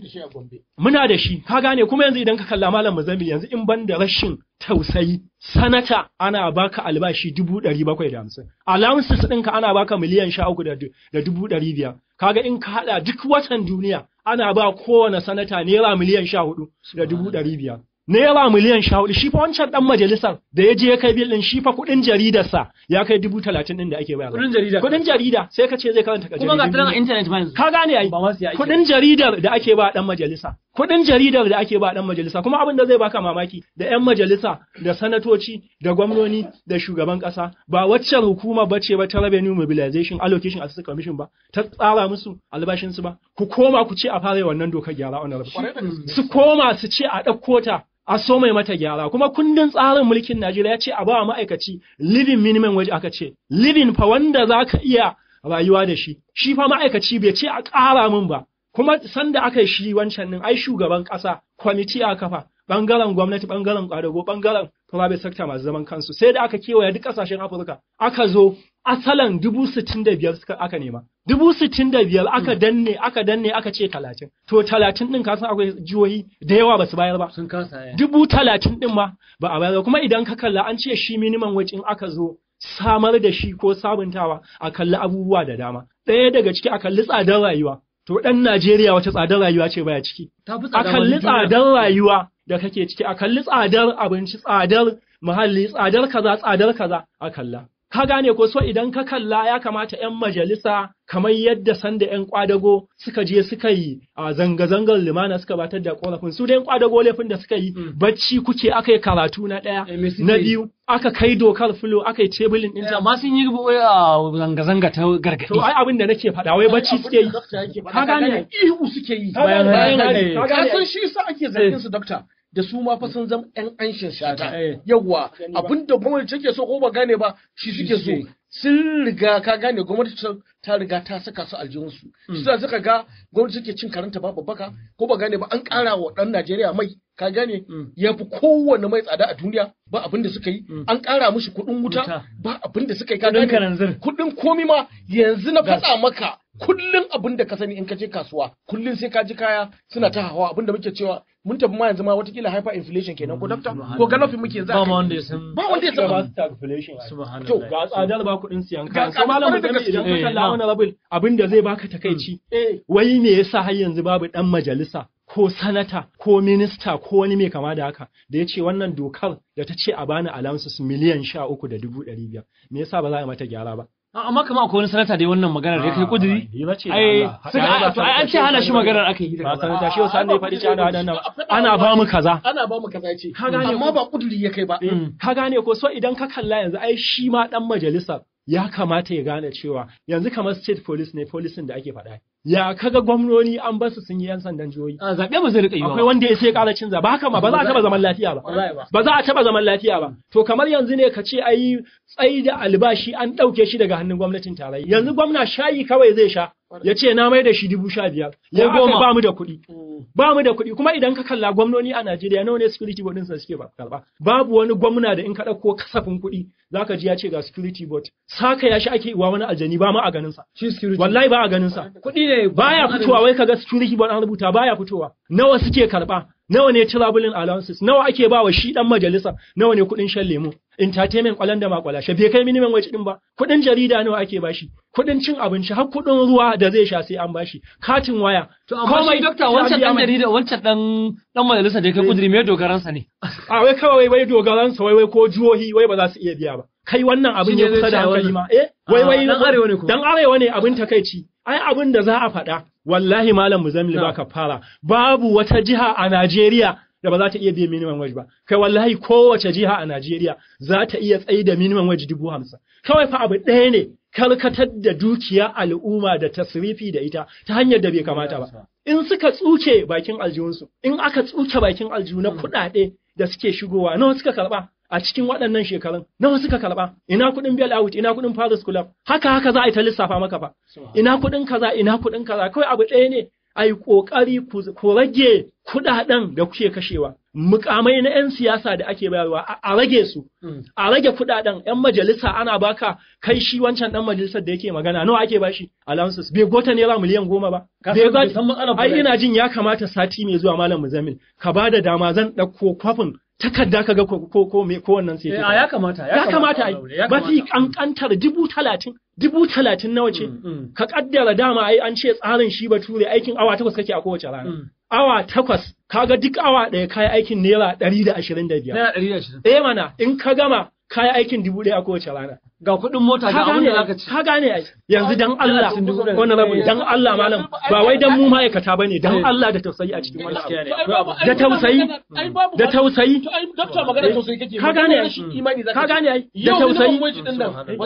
muna da shi ka gane kuma yanzu idan ka kalla malam Muzammil yanzu in ban da rashin tausayi sanata ana baka albashi dubu ɗari bakwai da hamsin su ɗinka ana baka miliyan sha uku da dubu ɗari biyar kaga in ka haɗa duk watan duniya ana ba kowane sanata naira miliyan sha hudu da dubu ɗari biyar Naira miliyan sha hudu shi fa wancan dan majalisar da ya je ya kai bil din shi fa kudin jaridarsa ya kai dubu talatin din da ake bayar. Kudin jarida. Kudin jarida sai ka ce zai karanta ka Kuma ga internet ma yanzu. Ka gane ai. Kudin jaridar da ake ba dan majalisa. Kudin jaridar da ake ba dan majalisa kuma abin da zai baka mamaki da yan majalisa da sanatoci da gwamnoni da shugaban kasa ba waccan hukuma bace ba ta revenue mobilization allocation as commission ba ta tsara musu albashinsu ba ku koma ku ce a fara wannan dokar gyara rabu. Su koma su ce a ɗauko ta a so mai mata gyara kuma kundin tsarin mulkin Najeriya ya ce a ba ma'aikaci living minimum wage aka ce living fa wanda za ka iya rayuwa da shi shi fa ma'aikaci bai ce a ƙara min ba kuma sanda aka yi shi wancan nin ai shugaban ƙasa kwamiti a kafa bangaren gwamnati bangaren kwadago bangaren private sector masu zaman kansu sai da aka kewaye duk kasashen Afirka aka zo asalan dubu sittin da biyar suka aka nema dubu sittin da biyar aka hmm. danne aka danne aka ce talatin to talatin ɗin kasan akwai jihohi da yawa ba su bayar ba sun kasa eh. dubu talatin ɗin ma ba a bayar ba. kuma idan ka kalla an ce shi minimum wajen aka zo samar da shi ko sabuntawa a kalli abubuwa da dama ɗaya daga ciki a kalli tsadar rayuwa to ɗan Najeriya wata tsadar rayuwa ce baya ciki a kalli tsadar rayuwa da kake ciki a kalli tsadar abinci tsadar muhalli tsadar kaza tsadar kaza a kalla Ka gane ko so idan ka kalla ya kamata 'yan majalisa kamar yadda sanda 'yan kwadago suka je suka yi a zanga-zangar limana suka batar da ƙorafin su da 'yan kwadago laifin da suka yi mm. bacci kuke aka yi karatu na ɗaya na biyu aka kai dokar filo aka yi tebulin ɗin ta eh, masu yi a zanga-zanga ta gargaɗi to ai abin da nake faɗa wai bacci suke yi ka gane ihu suke yi ka san shi sa ake zargin su dokta da su ma fa sun zama ƴan anshin shata yawa abinda gwamnati take so ko ba gane ba shi suke so sun riga ka gane gwamnati ta riga ta saka su aljihunsu hmm. su ka suka ga gwamnati take cin karanta ba babbaka ko ba gane ba an ƙara wa ɗan Najeriya mai ka gane hmm. ya fi kowane mai tsada a duniya ba abin da suka yi hmm. an ƙara mushi kuɗin wuta ba abin da suka yi ka gane kuɗin komi ma yanzu na faɗa maka kullum abin da ka sani in ka je kasuwa kullum sai ka ji kaya suna ta hawa abin da muke cewa mun tafi ma yanzu ma watakila hyper inflation kenan ko dokta ko ganofi muke yanzu ba wanda ya san ba wanda ya san ba stagflation to ga tsadar ba kuɗin siyan kan so malam da idan ka kalla wani eh, rabin abin da zai baka takeici eh, eh. wai me yasa har yanzu babu dan majalisa ko sanata ko minista ko wani mai kama da haka da ya ce wannan dokar da ta ce a bani allowances miliyan sha uku da dubu ɗari biyar me yasa ba za a mata gyara ba amma kama akwai wani sanata dai wannan maganar da ya kai kudiri ah, ai an ce hana shi maganar aka yi ba sanata shi wasu ne faɗi cewa ana ana ba mu kaza ana ba mu kaza ce amma ba kudiri ya kai ba mm. ka gane ko so idan ka kalla yanzu ai shi ma dan majalisar ya kamata ya gane cewa yanzu kamar state police ne policing da ake faɗa ya kaga gwamnoni an basu sun yi yan sandan jihohi a zabe ba zai riƙa yi akwai wanda ya sai ƙara cin zaba haka ma ba za a taba zaman lafiya ba ba za a taba zaman lafiya ba to kamar yanzu ne ka ce ai tsayi da albashi an ɗauke shi daga hannun gwamnatin tarayya yanzu gwamna shayi kawai zai sha ya ce na mai da shi dubu sha biyar ya goma ba mu da kuɗi mm. ba mu da kuɗi kuma idan ka kalla gwamnoni a Najeriya nawa ne security board sa suke karɓa. babu wani gwamna da in ka ɗauko kasafin kuɗi zaka ji ya ce ga security board saka ya shi ake wa wani aljani ba ma a ganin sa wallahi ba a ganin sa kuɗi ne baya fitowa wai ka ga security board an rubuta baya fitowa nawa suke karɓa? nawa ne travelling allowances nawa ake bawa shi dan majalisa nawa ne kuɗin shan lemu entertainment kwalan da makwalashe bai kai minimum wage din ba kuɗin jarida nawa ake bashi kuɗin cin abinci har kuɗin ruwa da zai sha sai an bashi katin waya to amma dokta wancan dan jarida wancan dan dan majalisa da kai kudiri mai dogaran sa ne a wai kawai wai dogaran sa wai wai ko jihohi wai ba za su iya biya ba kai wannan abin ya kusa da hankali ma eh wai ah, wai dan arewa ne ko dan arewa ne abin takeici ai abin da za a faɗa wallahi malam muzammil baka fara babu wata jiha a Najeriya da ba za ta iya biyan minimum wage ba kai wallahi kowace jiha a Najeriya za ta iya tsayi da minimum wage dubu hamsin kawai fa abu ɗaya ne kalkatar da dukiya al'umma da tasrifi da ita ta hanyar da bai kamata ba in suka tsuke bakin aljihunsu in aka tsuke bakin aljihu na hmm. kuɗaɗe da suke shigowa nawa suka karɓa a cikin waɗannan shekarun nawa suka karɓa ina kuɗin bail out ina kuɗin Paris club haka haka za a yi ta lissafa maka fa ina kuɗin kaza ina kuɗin kaza kawai abu ɗaya ne ai ƙoƙari ku rage kuɗaɗen da kuke kashewa. Mukamai na 'yan siyasa da ake bayarwa a rage su, hmm. a rage kuɗaɗen 'yan majalisa ana baka kai shi wancan ɗan majalisar da yake magana nawa ake bashi allowances bai gota naira miliyan goma ba. Ai ina jin ya kamata sati mai zuwa malam zamin ka ba da dama zan ɗauko kwafin takarda ka ga ko ko me ko wannan sai eh, a ya kamata ya kamata mafi kankantar dubu talatin dubu talatin nawa ce mm, mm. ka kaddara dama ai an ce tsarin shi bature aikin awa takwas kake a kowace rana mm. awa takwas kaga duk awa ɗaya kayi aikin naira ɗari da ashirin da biyar. Naira ɗari da ashirin. Eh mana in ka gama kaya aikin dubu ɗaya a kowace rana ga kuɗin mota ga abin da zaka ci ka gane ai yanzu dan Allah wannan rabu dan Allah malam ba wai dan mu ma'aikata bane dan eh. Allah da tausayi a cikin wannan abu da tausayi da tausayi doctor magana tausayi kake ka gane ai imani zaka ka gane ai da tausayi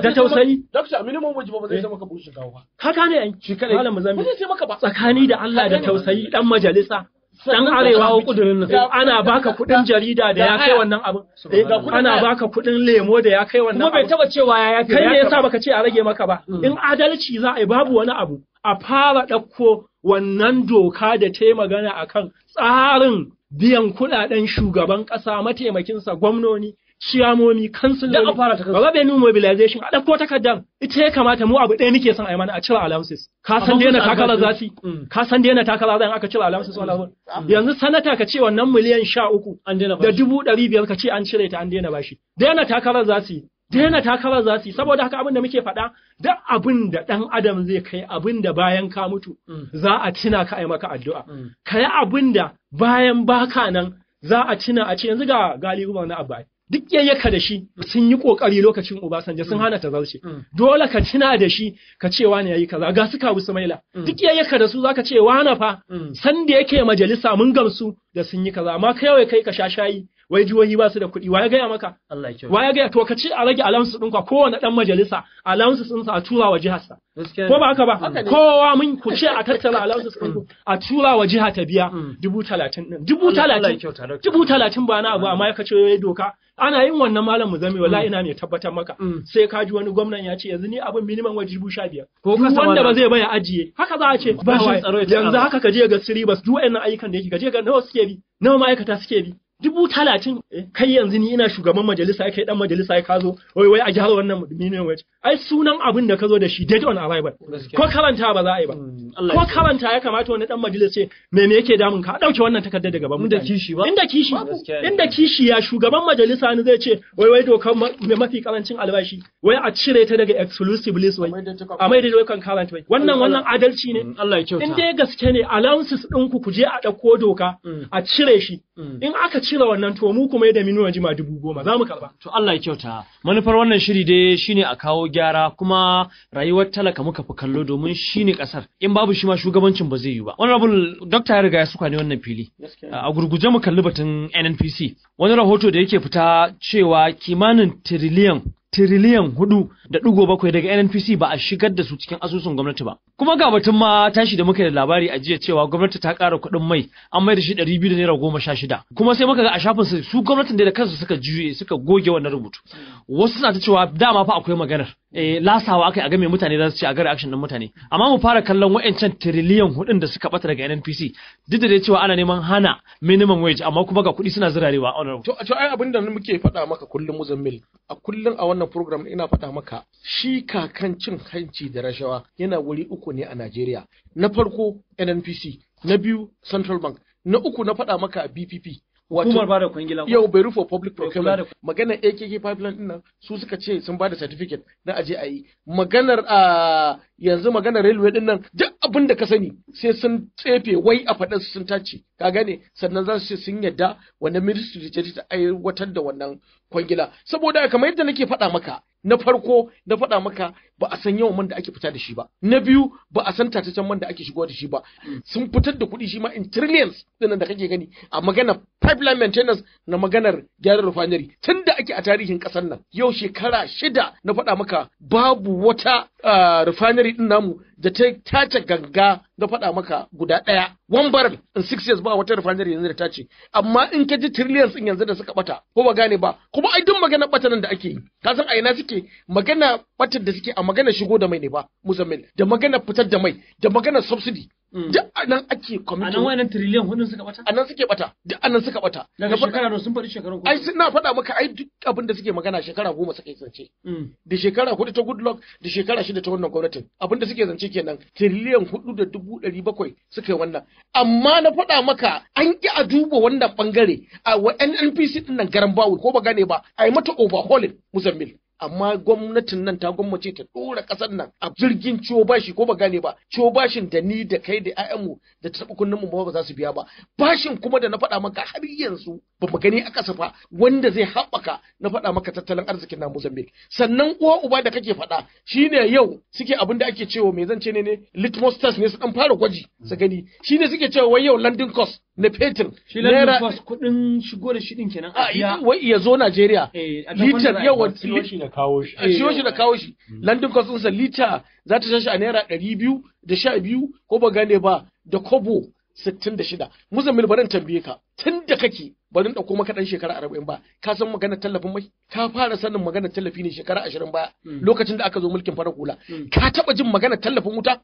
da tausayi doctor minimum wage ba zai maka bushi kawo ba ka gane ai shi kadai malam ba zai maka ba tsakani da Allah da tausayi dan majalisa Ɗan arewa kudurin nan ana baka kudin jarida da ya kai wannan abin eh, ana baka kudin lemo da ya kai wannan kuma bai taba cewa ya kai ne yasa baka ce a rage maka ba mm. in adalci za a babu wani abu a fara ɗauko wannan doka da ta yi magana akan tsarin biyan kuɗaɗen shugaban ƙasa mataimakinsa gwamnoni ciyamomi kansiloli da fara takarda revenue mobilization a dauko takardar ita ya kamata mu abu ɗaya nake son a yi mana a cire allowances ka san daina takala zafi mm. ka san daina takala zafi aka cire allowances wala mm. yanzu sanata ka ce wannan miliyan sha uku da dubu ɗari biyar ka ce an cire ta an daina bashi daina takala zafi daina takara za saboda haka abin da muke faɗa da abin da ɗan adam zai kai abin da bayan ka mutu mm. za a tuna ka a maka addu'a ka yi abin da bayan baka nan za a tuna a ce yanzu ga galibu na abai duk yayyaka da shi sun yi kokari lokacin Obasanjo sun mm. hana ta zarce mm. dole ka tuna da shi ka ce wani yayi kaza ga su kawu Sumaila mm. duk yayyaka da su zaka ce wani fa san da yake majalisa mun gamsu da sun yi kaza amma kai kai ka sha shayi wai jihohi ba su da kuɗi wa ya gaya maka Allah ya wa ya gaya to ka ce a rage din ka kowane ɗan majalisa alamsu sun a tura wa jihar sa ko ba haka ba kowa mun ku ce a tattara sun ɗinku a tura wa jiha ta biya dubu talatin ɗin dubu talatin dubu talatin ba na abu amma ya kace wai doka ana yin wannan malam mu zame wallahi mm. ina ne tabbatar maka mm. sai ka ji wani gwamnan ya ce yanzu ni abin minimum waje dubu sha biyar ko wanda ba zai baya ajiye haka za a ce yanzu haka ka je ga siri bas. duk wayannan ayyukan da yake ka je ga nawa suke bi nawa ma'aikata suke bi dubu talatin eh. kai yanzu ni ina shugaban majalisa kai dan majalisa ka zo wai wai a gyara wannan minimum waje ai sunan abin da ka zo da shi dead on arrival ko karanta ba za a yi ba hmm, ko karanta ya kamata wani dan majalis ce me me yake damun ka dauke wannan takardar daga bamu inda kishi ba inda kishi inda kishi ya shugaban majalisa ne zai ce wai wai dokar mafi karancin albashi wai a cire ta daga exclusive list wai a mai da dokan karanta wai wannan wannan adalci ne hmm, Allah ya kyauta inda dai gaske ne allowances din ku kuje a dauko doka hmm. a cire shi in aka cire wannan to mu kuma yadda minuwa jima dubu goma za mu karba to Allah ya kyauta manufar wannan shiri dai shine a kawo gyara kuma rayuwar talaka muka fi kallo domin shi ne kasar in babu shi ma shugabancin ba zai yi ba rabu dokta ya riga ya suka ne wannan fili a gurguje mu kalli batun nnpc wani rahoto da yake fita cewa kimanin tiriliyan tiriliyan hudu da ɗigo bakwai daga NNPC ba a shigar da su cikin asusun gwamnati ba. Kuma ga batun ma tashi da muka da labari a jiya cewa gwamnati ta ƙara kuɗin mai an mai da shi ɗari biyu da naira goma sha shida. Kuma sai muka ga a shafin su su gwamnatin da kansu suka juye suka goge wannan rubutu. Wasu suna ta cewa dama fa akwai maganar. Eh, lasawa akai a game mutane za su ce a ga reaction ɗin mutane. Amma mu fara kallon wa'ancan tiriliyan hudun da suka bata daga NNPC duk da dai cewa ana neman hana minimum wage amma kuma ga kuɗi suna zirarewa. To ai abin da muke faɗa maka kullum Muzammil a kullum a wannan program ina faɗa maka shi kakan cin hanci da rashawa yana wuri uku ne a Najeriya. Na farko NNPC, na biyu Central Bank, na uku na faɗa maka BPP. hukumar bada kwangila yau bai rufe public procurement maganar AKK pipeline din nan su suka ce sun bada da certificate na aje a yi maganar a yanzu maganar railway din nan duk abin da ka sani sai sun tsefe wai a faɗin sun tace ka gane sannan za su ce sun yadda wannan ministry ce ta aiwatar da wannan kwangila saboda kamar yadda nake faɗa maka na farko na faɗa maka ba a san yawan man da ake fita da shi ba na biyu ba a san tataccen man da ake shigo da shi ba sun fitar da kuɗi shi ma in trillions dinan da kake gani a magana pipeline maintenance na maganar gyaran refinery tun da ake a tarihin ƙasar nan yau shekara shida na faɗa maka babu wata ah, refinery din namu da ta tace ganga da faɗa maka guda ɗaya one barrel in six years ba wata refinery yanzu da ta ce amma in ka ji trillions in yanzu da suka ɓata. ko ba gane ba kuma ai duk magana ɓata nan da ake yi ka san a ina suke magana ɓatar da suke a magana shigo da mai ne ba musamman da magana fitar da mai da magana subsidy Mm. Duk a nan ake kwamitin. A nan wayannan tiriliyan hudun suka bata? A nan suke bata. Duk a nan suka bata. Daga shekara da sun faɗi shekarun Ai suna faɗa maka ai duk abin da suke magana shekara goma suka yi zance. Mm. Da shekara hudu ta Goodluck da shekara shida ta wannan gwamnatin. Abin da suke zance kenan tiriliyan hudu da dubu ɗari bakwai suka yi wannan. Amma na faɗa maka an ƙi a duba wannan ɓangare a wa NNPC ɗin nan garan bawul ko ba gane ba a yi mata overhauling Muzammil. amma gwamnatin nan ta gwammace ta dora kasar nan a jirgin ciwo bashi ko ba gane ba ciwo bashin da ni da kai da mu da ta taɓa kunnen mu ba za su biya ba bashin kuma da na faɗa maka har yanzu ba mu gani a ƙasa fa wanda zai haɓaka na faɗa maka tattalin arzikin na Mozambique sannan uwa uba da kake faɗa shine yau suke abin da ake cewa mai zance ce ne ne litmus test ne su dan fara gwaji su gani shine suke cewa wai yau landing cost na fetur shi naira kuɗin shigo da shi din kenan a ah, wai ya zo Najeriya eh, litar yawa siyo shi da kawo shi a siyo shi da kawo shi mm. London cost ɗinsa lita za ta tashi a naira ɗari biyu da sha biyu ko ba gane ba da kobo da 66 muzammil barin tambaye ka tun da kake barin dauko maka dan shekara 40 ba ka san magana tallafin mai ka fara sanin magana tallafi ne shekara 20 ba hmm. lokacin da aka zo mulkin farar hula hmm. ka taba jin magana tallafin wuta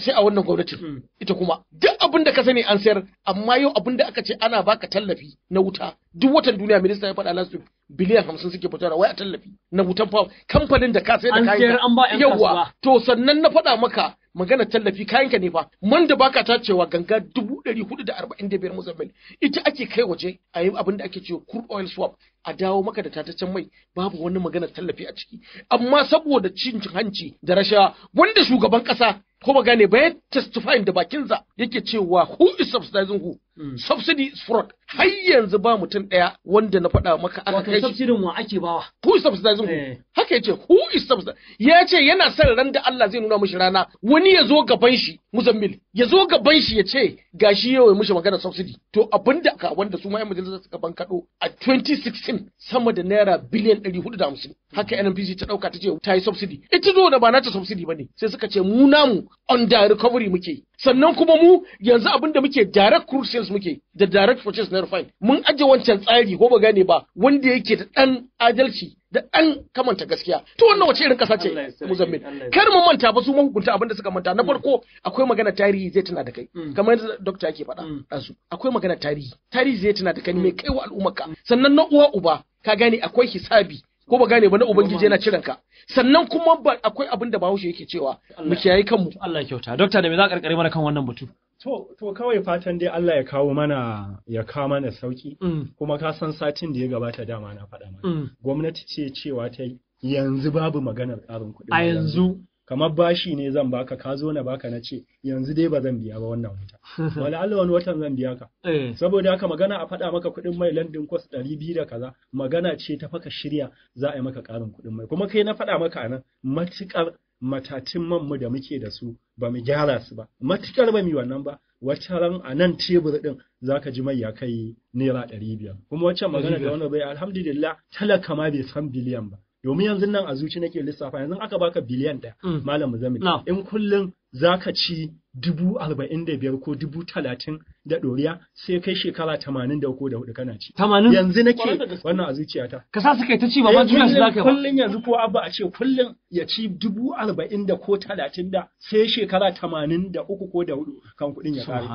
sai a wannan gwamnatin hmm. ita kuma duk abin da ka sani an sayar amma yau abin da aka ce ana baka tallafi na wuta duk watan duniya minista ya faɗa last biliyan hamsin suke fitowa wai a tallafi na wutan fa kamfanin da ka sai da kayan yawa to sannan na faɗa maka magana tallafi kayanka ne fa man da baka ta cewa ganga dubu ɗari hudu da arba'in biyar muzammil ita ake kai waje a yi abin da ake cewa crude oil swap a dawo maka da tataccen mai babu wani magana tallafi a ciki amma saboda cin hanci da rashawa wanda shugaban kasa ko ba gane ba ya testifying da bakinsa yake cewa who is subsidizing who Hmm. subsidy is fraud har yanzu ba mutum ɗaya wanda na faɗa maka aka kai subsidy wa ake bawa who is subsidizing who eh. haka yace who is subsidizing ya ce yana son ran da Allah zai nuna mishi rana wani ya zo gaban shi muzammil ya zo gaban shi ya ce gashi yau ya mishi magana subsidy to abinda ka wanda su ma yan majalisa suka bankaɗo a 2016 sama da naira biliyan 450 haka NNPC ta ɗauka ta ce ta yi subsidy ita zo da ba na ta subsidy bane sai suka ce mu namu on recovery muke sannan kuma mu yanzu abinda muke direct cruise purchases muke da direct purchase na refine mun aje wancan tsari ko ba gane ba wanda yake da dan adalci da ɗan kamanta gaskiya to wannan wace irin ƙasa ce Mozambique kar mu manta ba su mahukunta abin da suka manta na farko akwai magana tarihi zai tuna da kai mm. kamar yadda doctor yake faɗa mm. ɗansu akwai magana tarihi tarihi zai tuna da kai mm. mai kai al'umma al'ummarka sannan na uwa uba ka gane akwai hisabi ko ba gane ba na ubangiji yana ciran ka sannan kuma akwai abin da bahaushe yake cewa mu kiyaye kanmu Allah ya kyauta doctor da me za ka karkare mana kan wannan batu To, kawai fatan dai Allah ya kawo mana ya kawo mana sauki, mm. kuma ka san satin da ya gabata dama na faɗa mana. Mm. Gwamnati ce cewa ta yanzu babu maganar ƙarin kuɗi. A yanzu. Kamar bashi ne zan baka, ka zo na baka na ce yanzu dai ba zan biya ba wannan wata. Wala Allah wani watan zan biya ka. Eh. Saboda haka magana a faɗa maka kuɗin mai landin kwas ɗari biyu da kaza, magana ce ta faka shirya za a yi maka ƙarin kuɗin mai. Kuma kai na faɗa maka a nan matuƙar Matatin manmu da muke da su ba mu gyara su ba matukar ba mu wannan ba wata ran a nan tebur din zaka ji mai ya kai naira ɗari biyar kuma wacce magana da wani bai alhamdulillah talaka ma bai san biliyan ba domin yanzu nan a zuci nake lissafa yanzu aka baka biliyan ɗaya mm. malam zamani in kullum za ka ci dubu arba'in da biyar ko dubu talatin da ɗoriya sai kai shekara tamanin da uku da hudu kana ci. Tamanin? Yanzu nake wannan a zuciyata. Ka sa suka ta ci ba ma juya su zaka ba. Kullum yanzu ko abba a ce kullum ya ci dubu arba'in da ko talatin da sai shekara tamanin da uku ko da hudu kan kuɗin ya kare.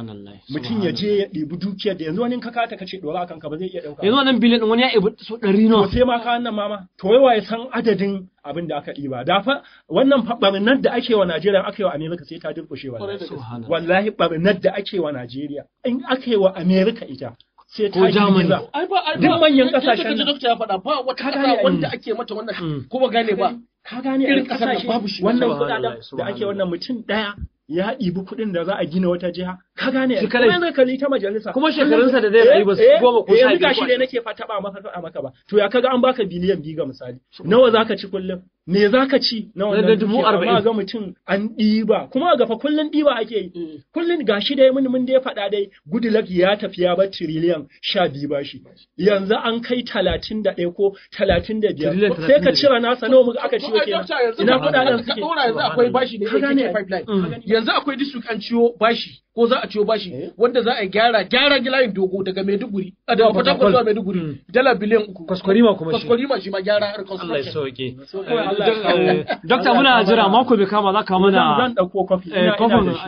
Mutum ya je ya ɗibi dukiyar da yanzu wani ka kata ka ce ɗora a kanka ba zai iya ɗauka. Yanzu wannan biliyan wani ya ɗibi su ɗari nawa. To sai ma ka wannan mama. To wai ya san adadin abin da aka ɗiba da fa wannan barnar da ake wa Najeriya ake wa Amerika sai ta durkushe wallahi wallahi barnar da ake wa Najeriya in ake wa Amerika ita sai ta ba. duk manyan kasashen da ya faɗa ba wata kasa wanda ake mata wannan mm. kuma gane ba ka gane irin ƙasashe wannan kudaden da ake wannan mutum daya ya ɗibi kuɗin da za a gina wata jiha ka gane kuma yanzu kalli ta majalisa kuma shekarunsa da zai eh, rayu ba su eh, goma ko eh, sha biyu ga gashi ne nake fata ba maka maka ba to ya kaga an baka biliyan biyu ga misali nawa zaka ci kullum me za ka ci na wannan dubu arba'in amma ga mutum an ɗiba kuma ga fa kullum ɗiba ake yi mm. ga gashi dai mun dai faɗa dai goodluck ya tafi ya bar tiriliyan sha biyu ba shi yanzu an kai talatin da ɗaya ko talatin da biyar sai ka cira nasa nawa muka aka ciwo kenan ina kuɗaɗen suke yanzu akwai bashi da yake pipeline mm. yanzu akwai district an ciwo bashi ko za a ciyo bashi eh? wanda za a gyara gyara layin dogo daga Maiduguri a daga Fatakwal zuwa Maiduguri hmm. dala biliyan uku kwaskwarima kuma shi kwaskwarima shi ma gyara har kwaskwarima Allah ya sauke eh, eh, dokta muna jira mako bai kama za ka mana kofin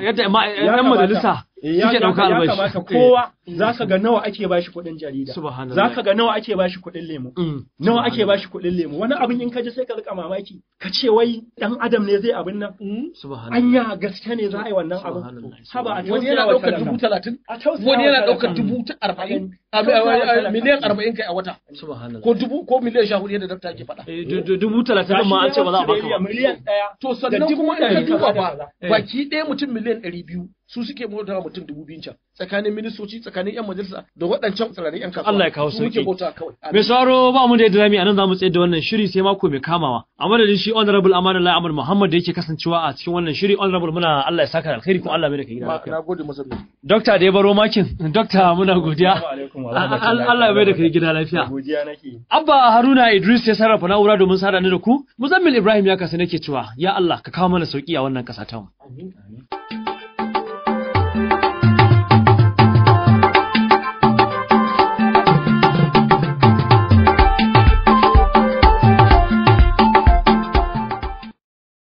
yadda yan majalisa Eh, ya kamata kowa za ka ga nawa ake shi kuɗin jarida. Za ka ga nawa ake shi kuɗin lemu. Mm, nawa ake shi kuɗin lemu. Wani abin in ka ji sai ka rika mamaki. Ka ce wai dan adam ne zai abin nan. Mm. Anya gaske ne za a yi wannan abin. Haba a Wani yana ɗaukar dubu talatin. Wani yana ɗaukar dubu arba'in. Miliyan arba'in kai a wata. Ko dubu ko miliyan sha hudu yadda dafta ke faɗa. Eh, dubu talatin ma an ce ba za a baka ba. Miliyan ɗaya. To sannan kuma in ka duba ba eh. baki ɗaya mutum miliyan ɗari biyu. su suke bauta mutum dubu biyu can tsakanin ministoci tsakanin yan majalisa da waɗancan tsirarin yan kasuwa Allah ya kawo sauki bauta kawai mai sauraro ba mu da yadda zamu anan zamu tsayar da wannan shiri sai mako mai kamawa a madadin shi honorable Amanullah Ahmad Muhammad da yake kasancewa a cikin wannan shiri honorable muna Allah ya saka alkhairi kuma Allah mai da kai gida lafiya Dokta masa da ya baro makin Dokta muna godiya Allah mai da kai gida lafiya godiya nake abba Haruna Idris ya sarrafa na'ura domin sada ni da ku Muzammil Ibrahim ya kasa nake cewa ya Allah ka kawo mana sauki a wannan kasa ta mu amin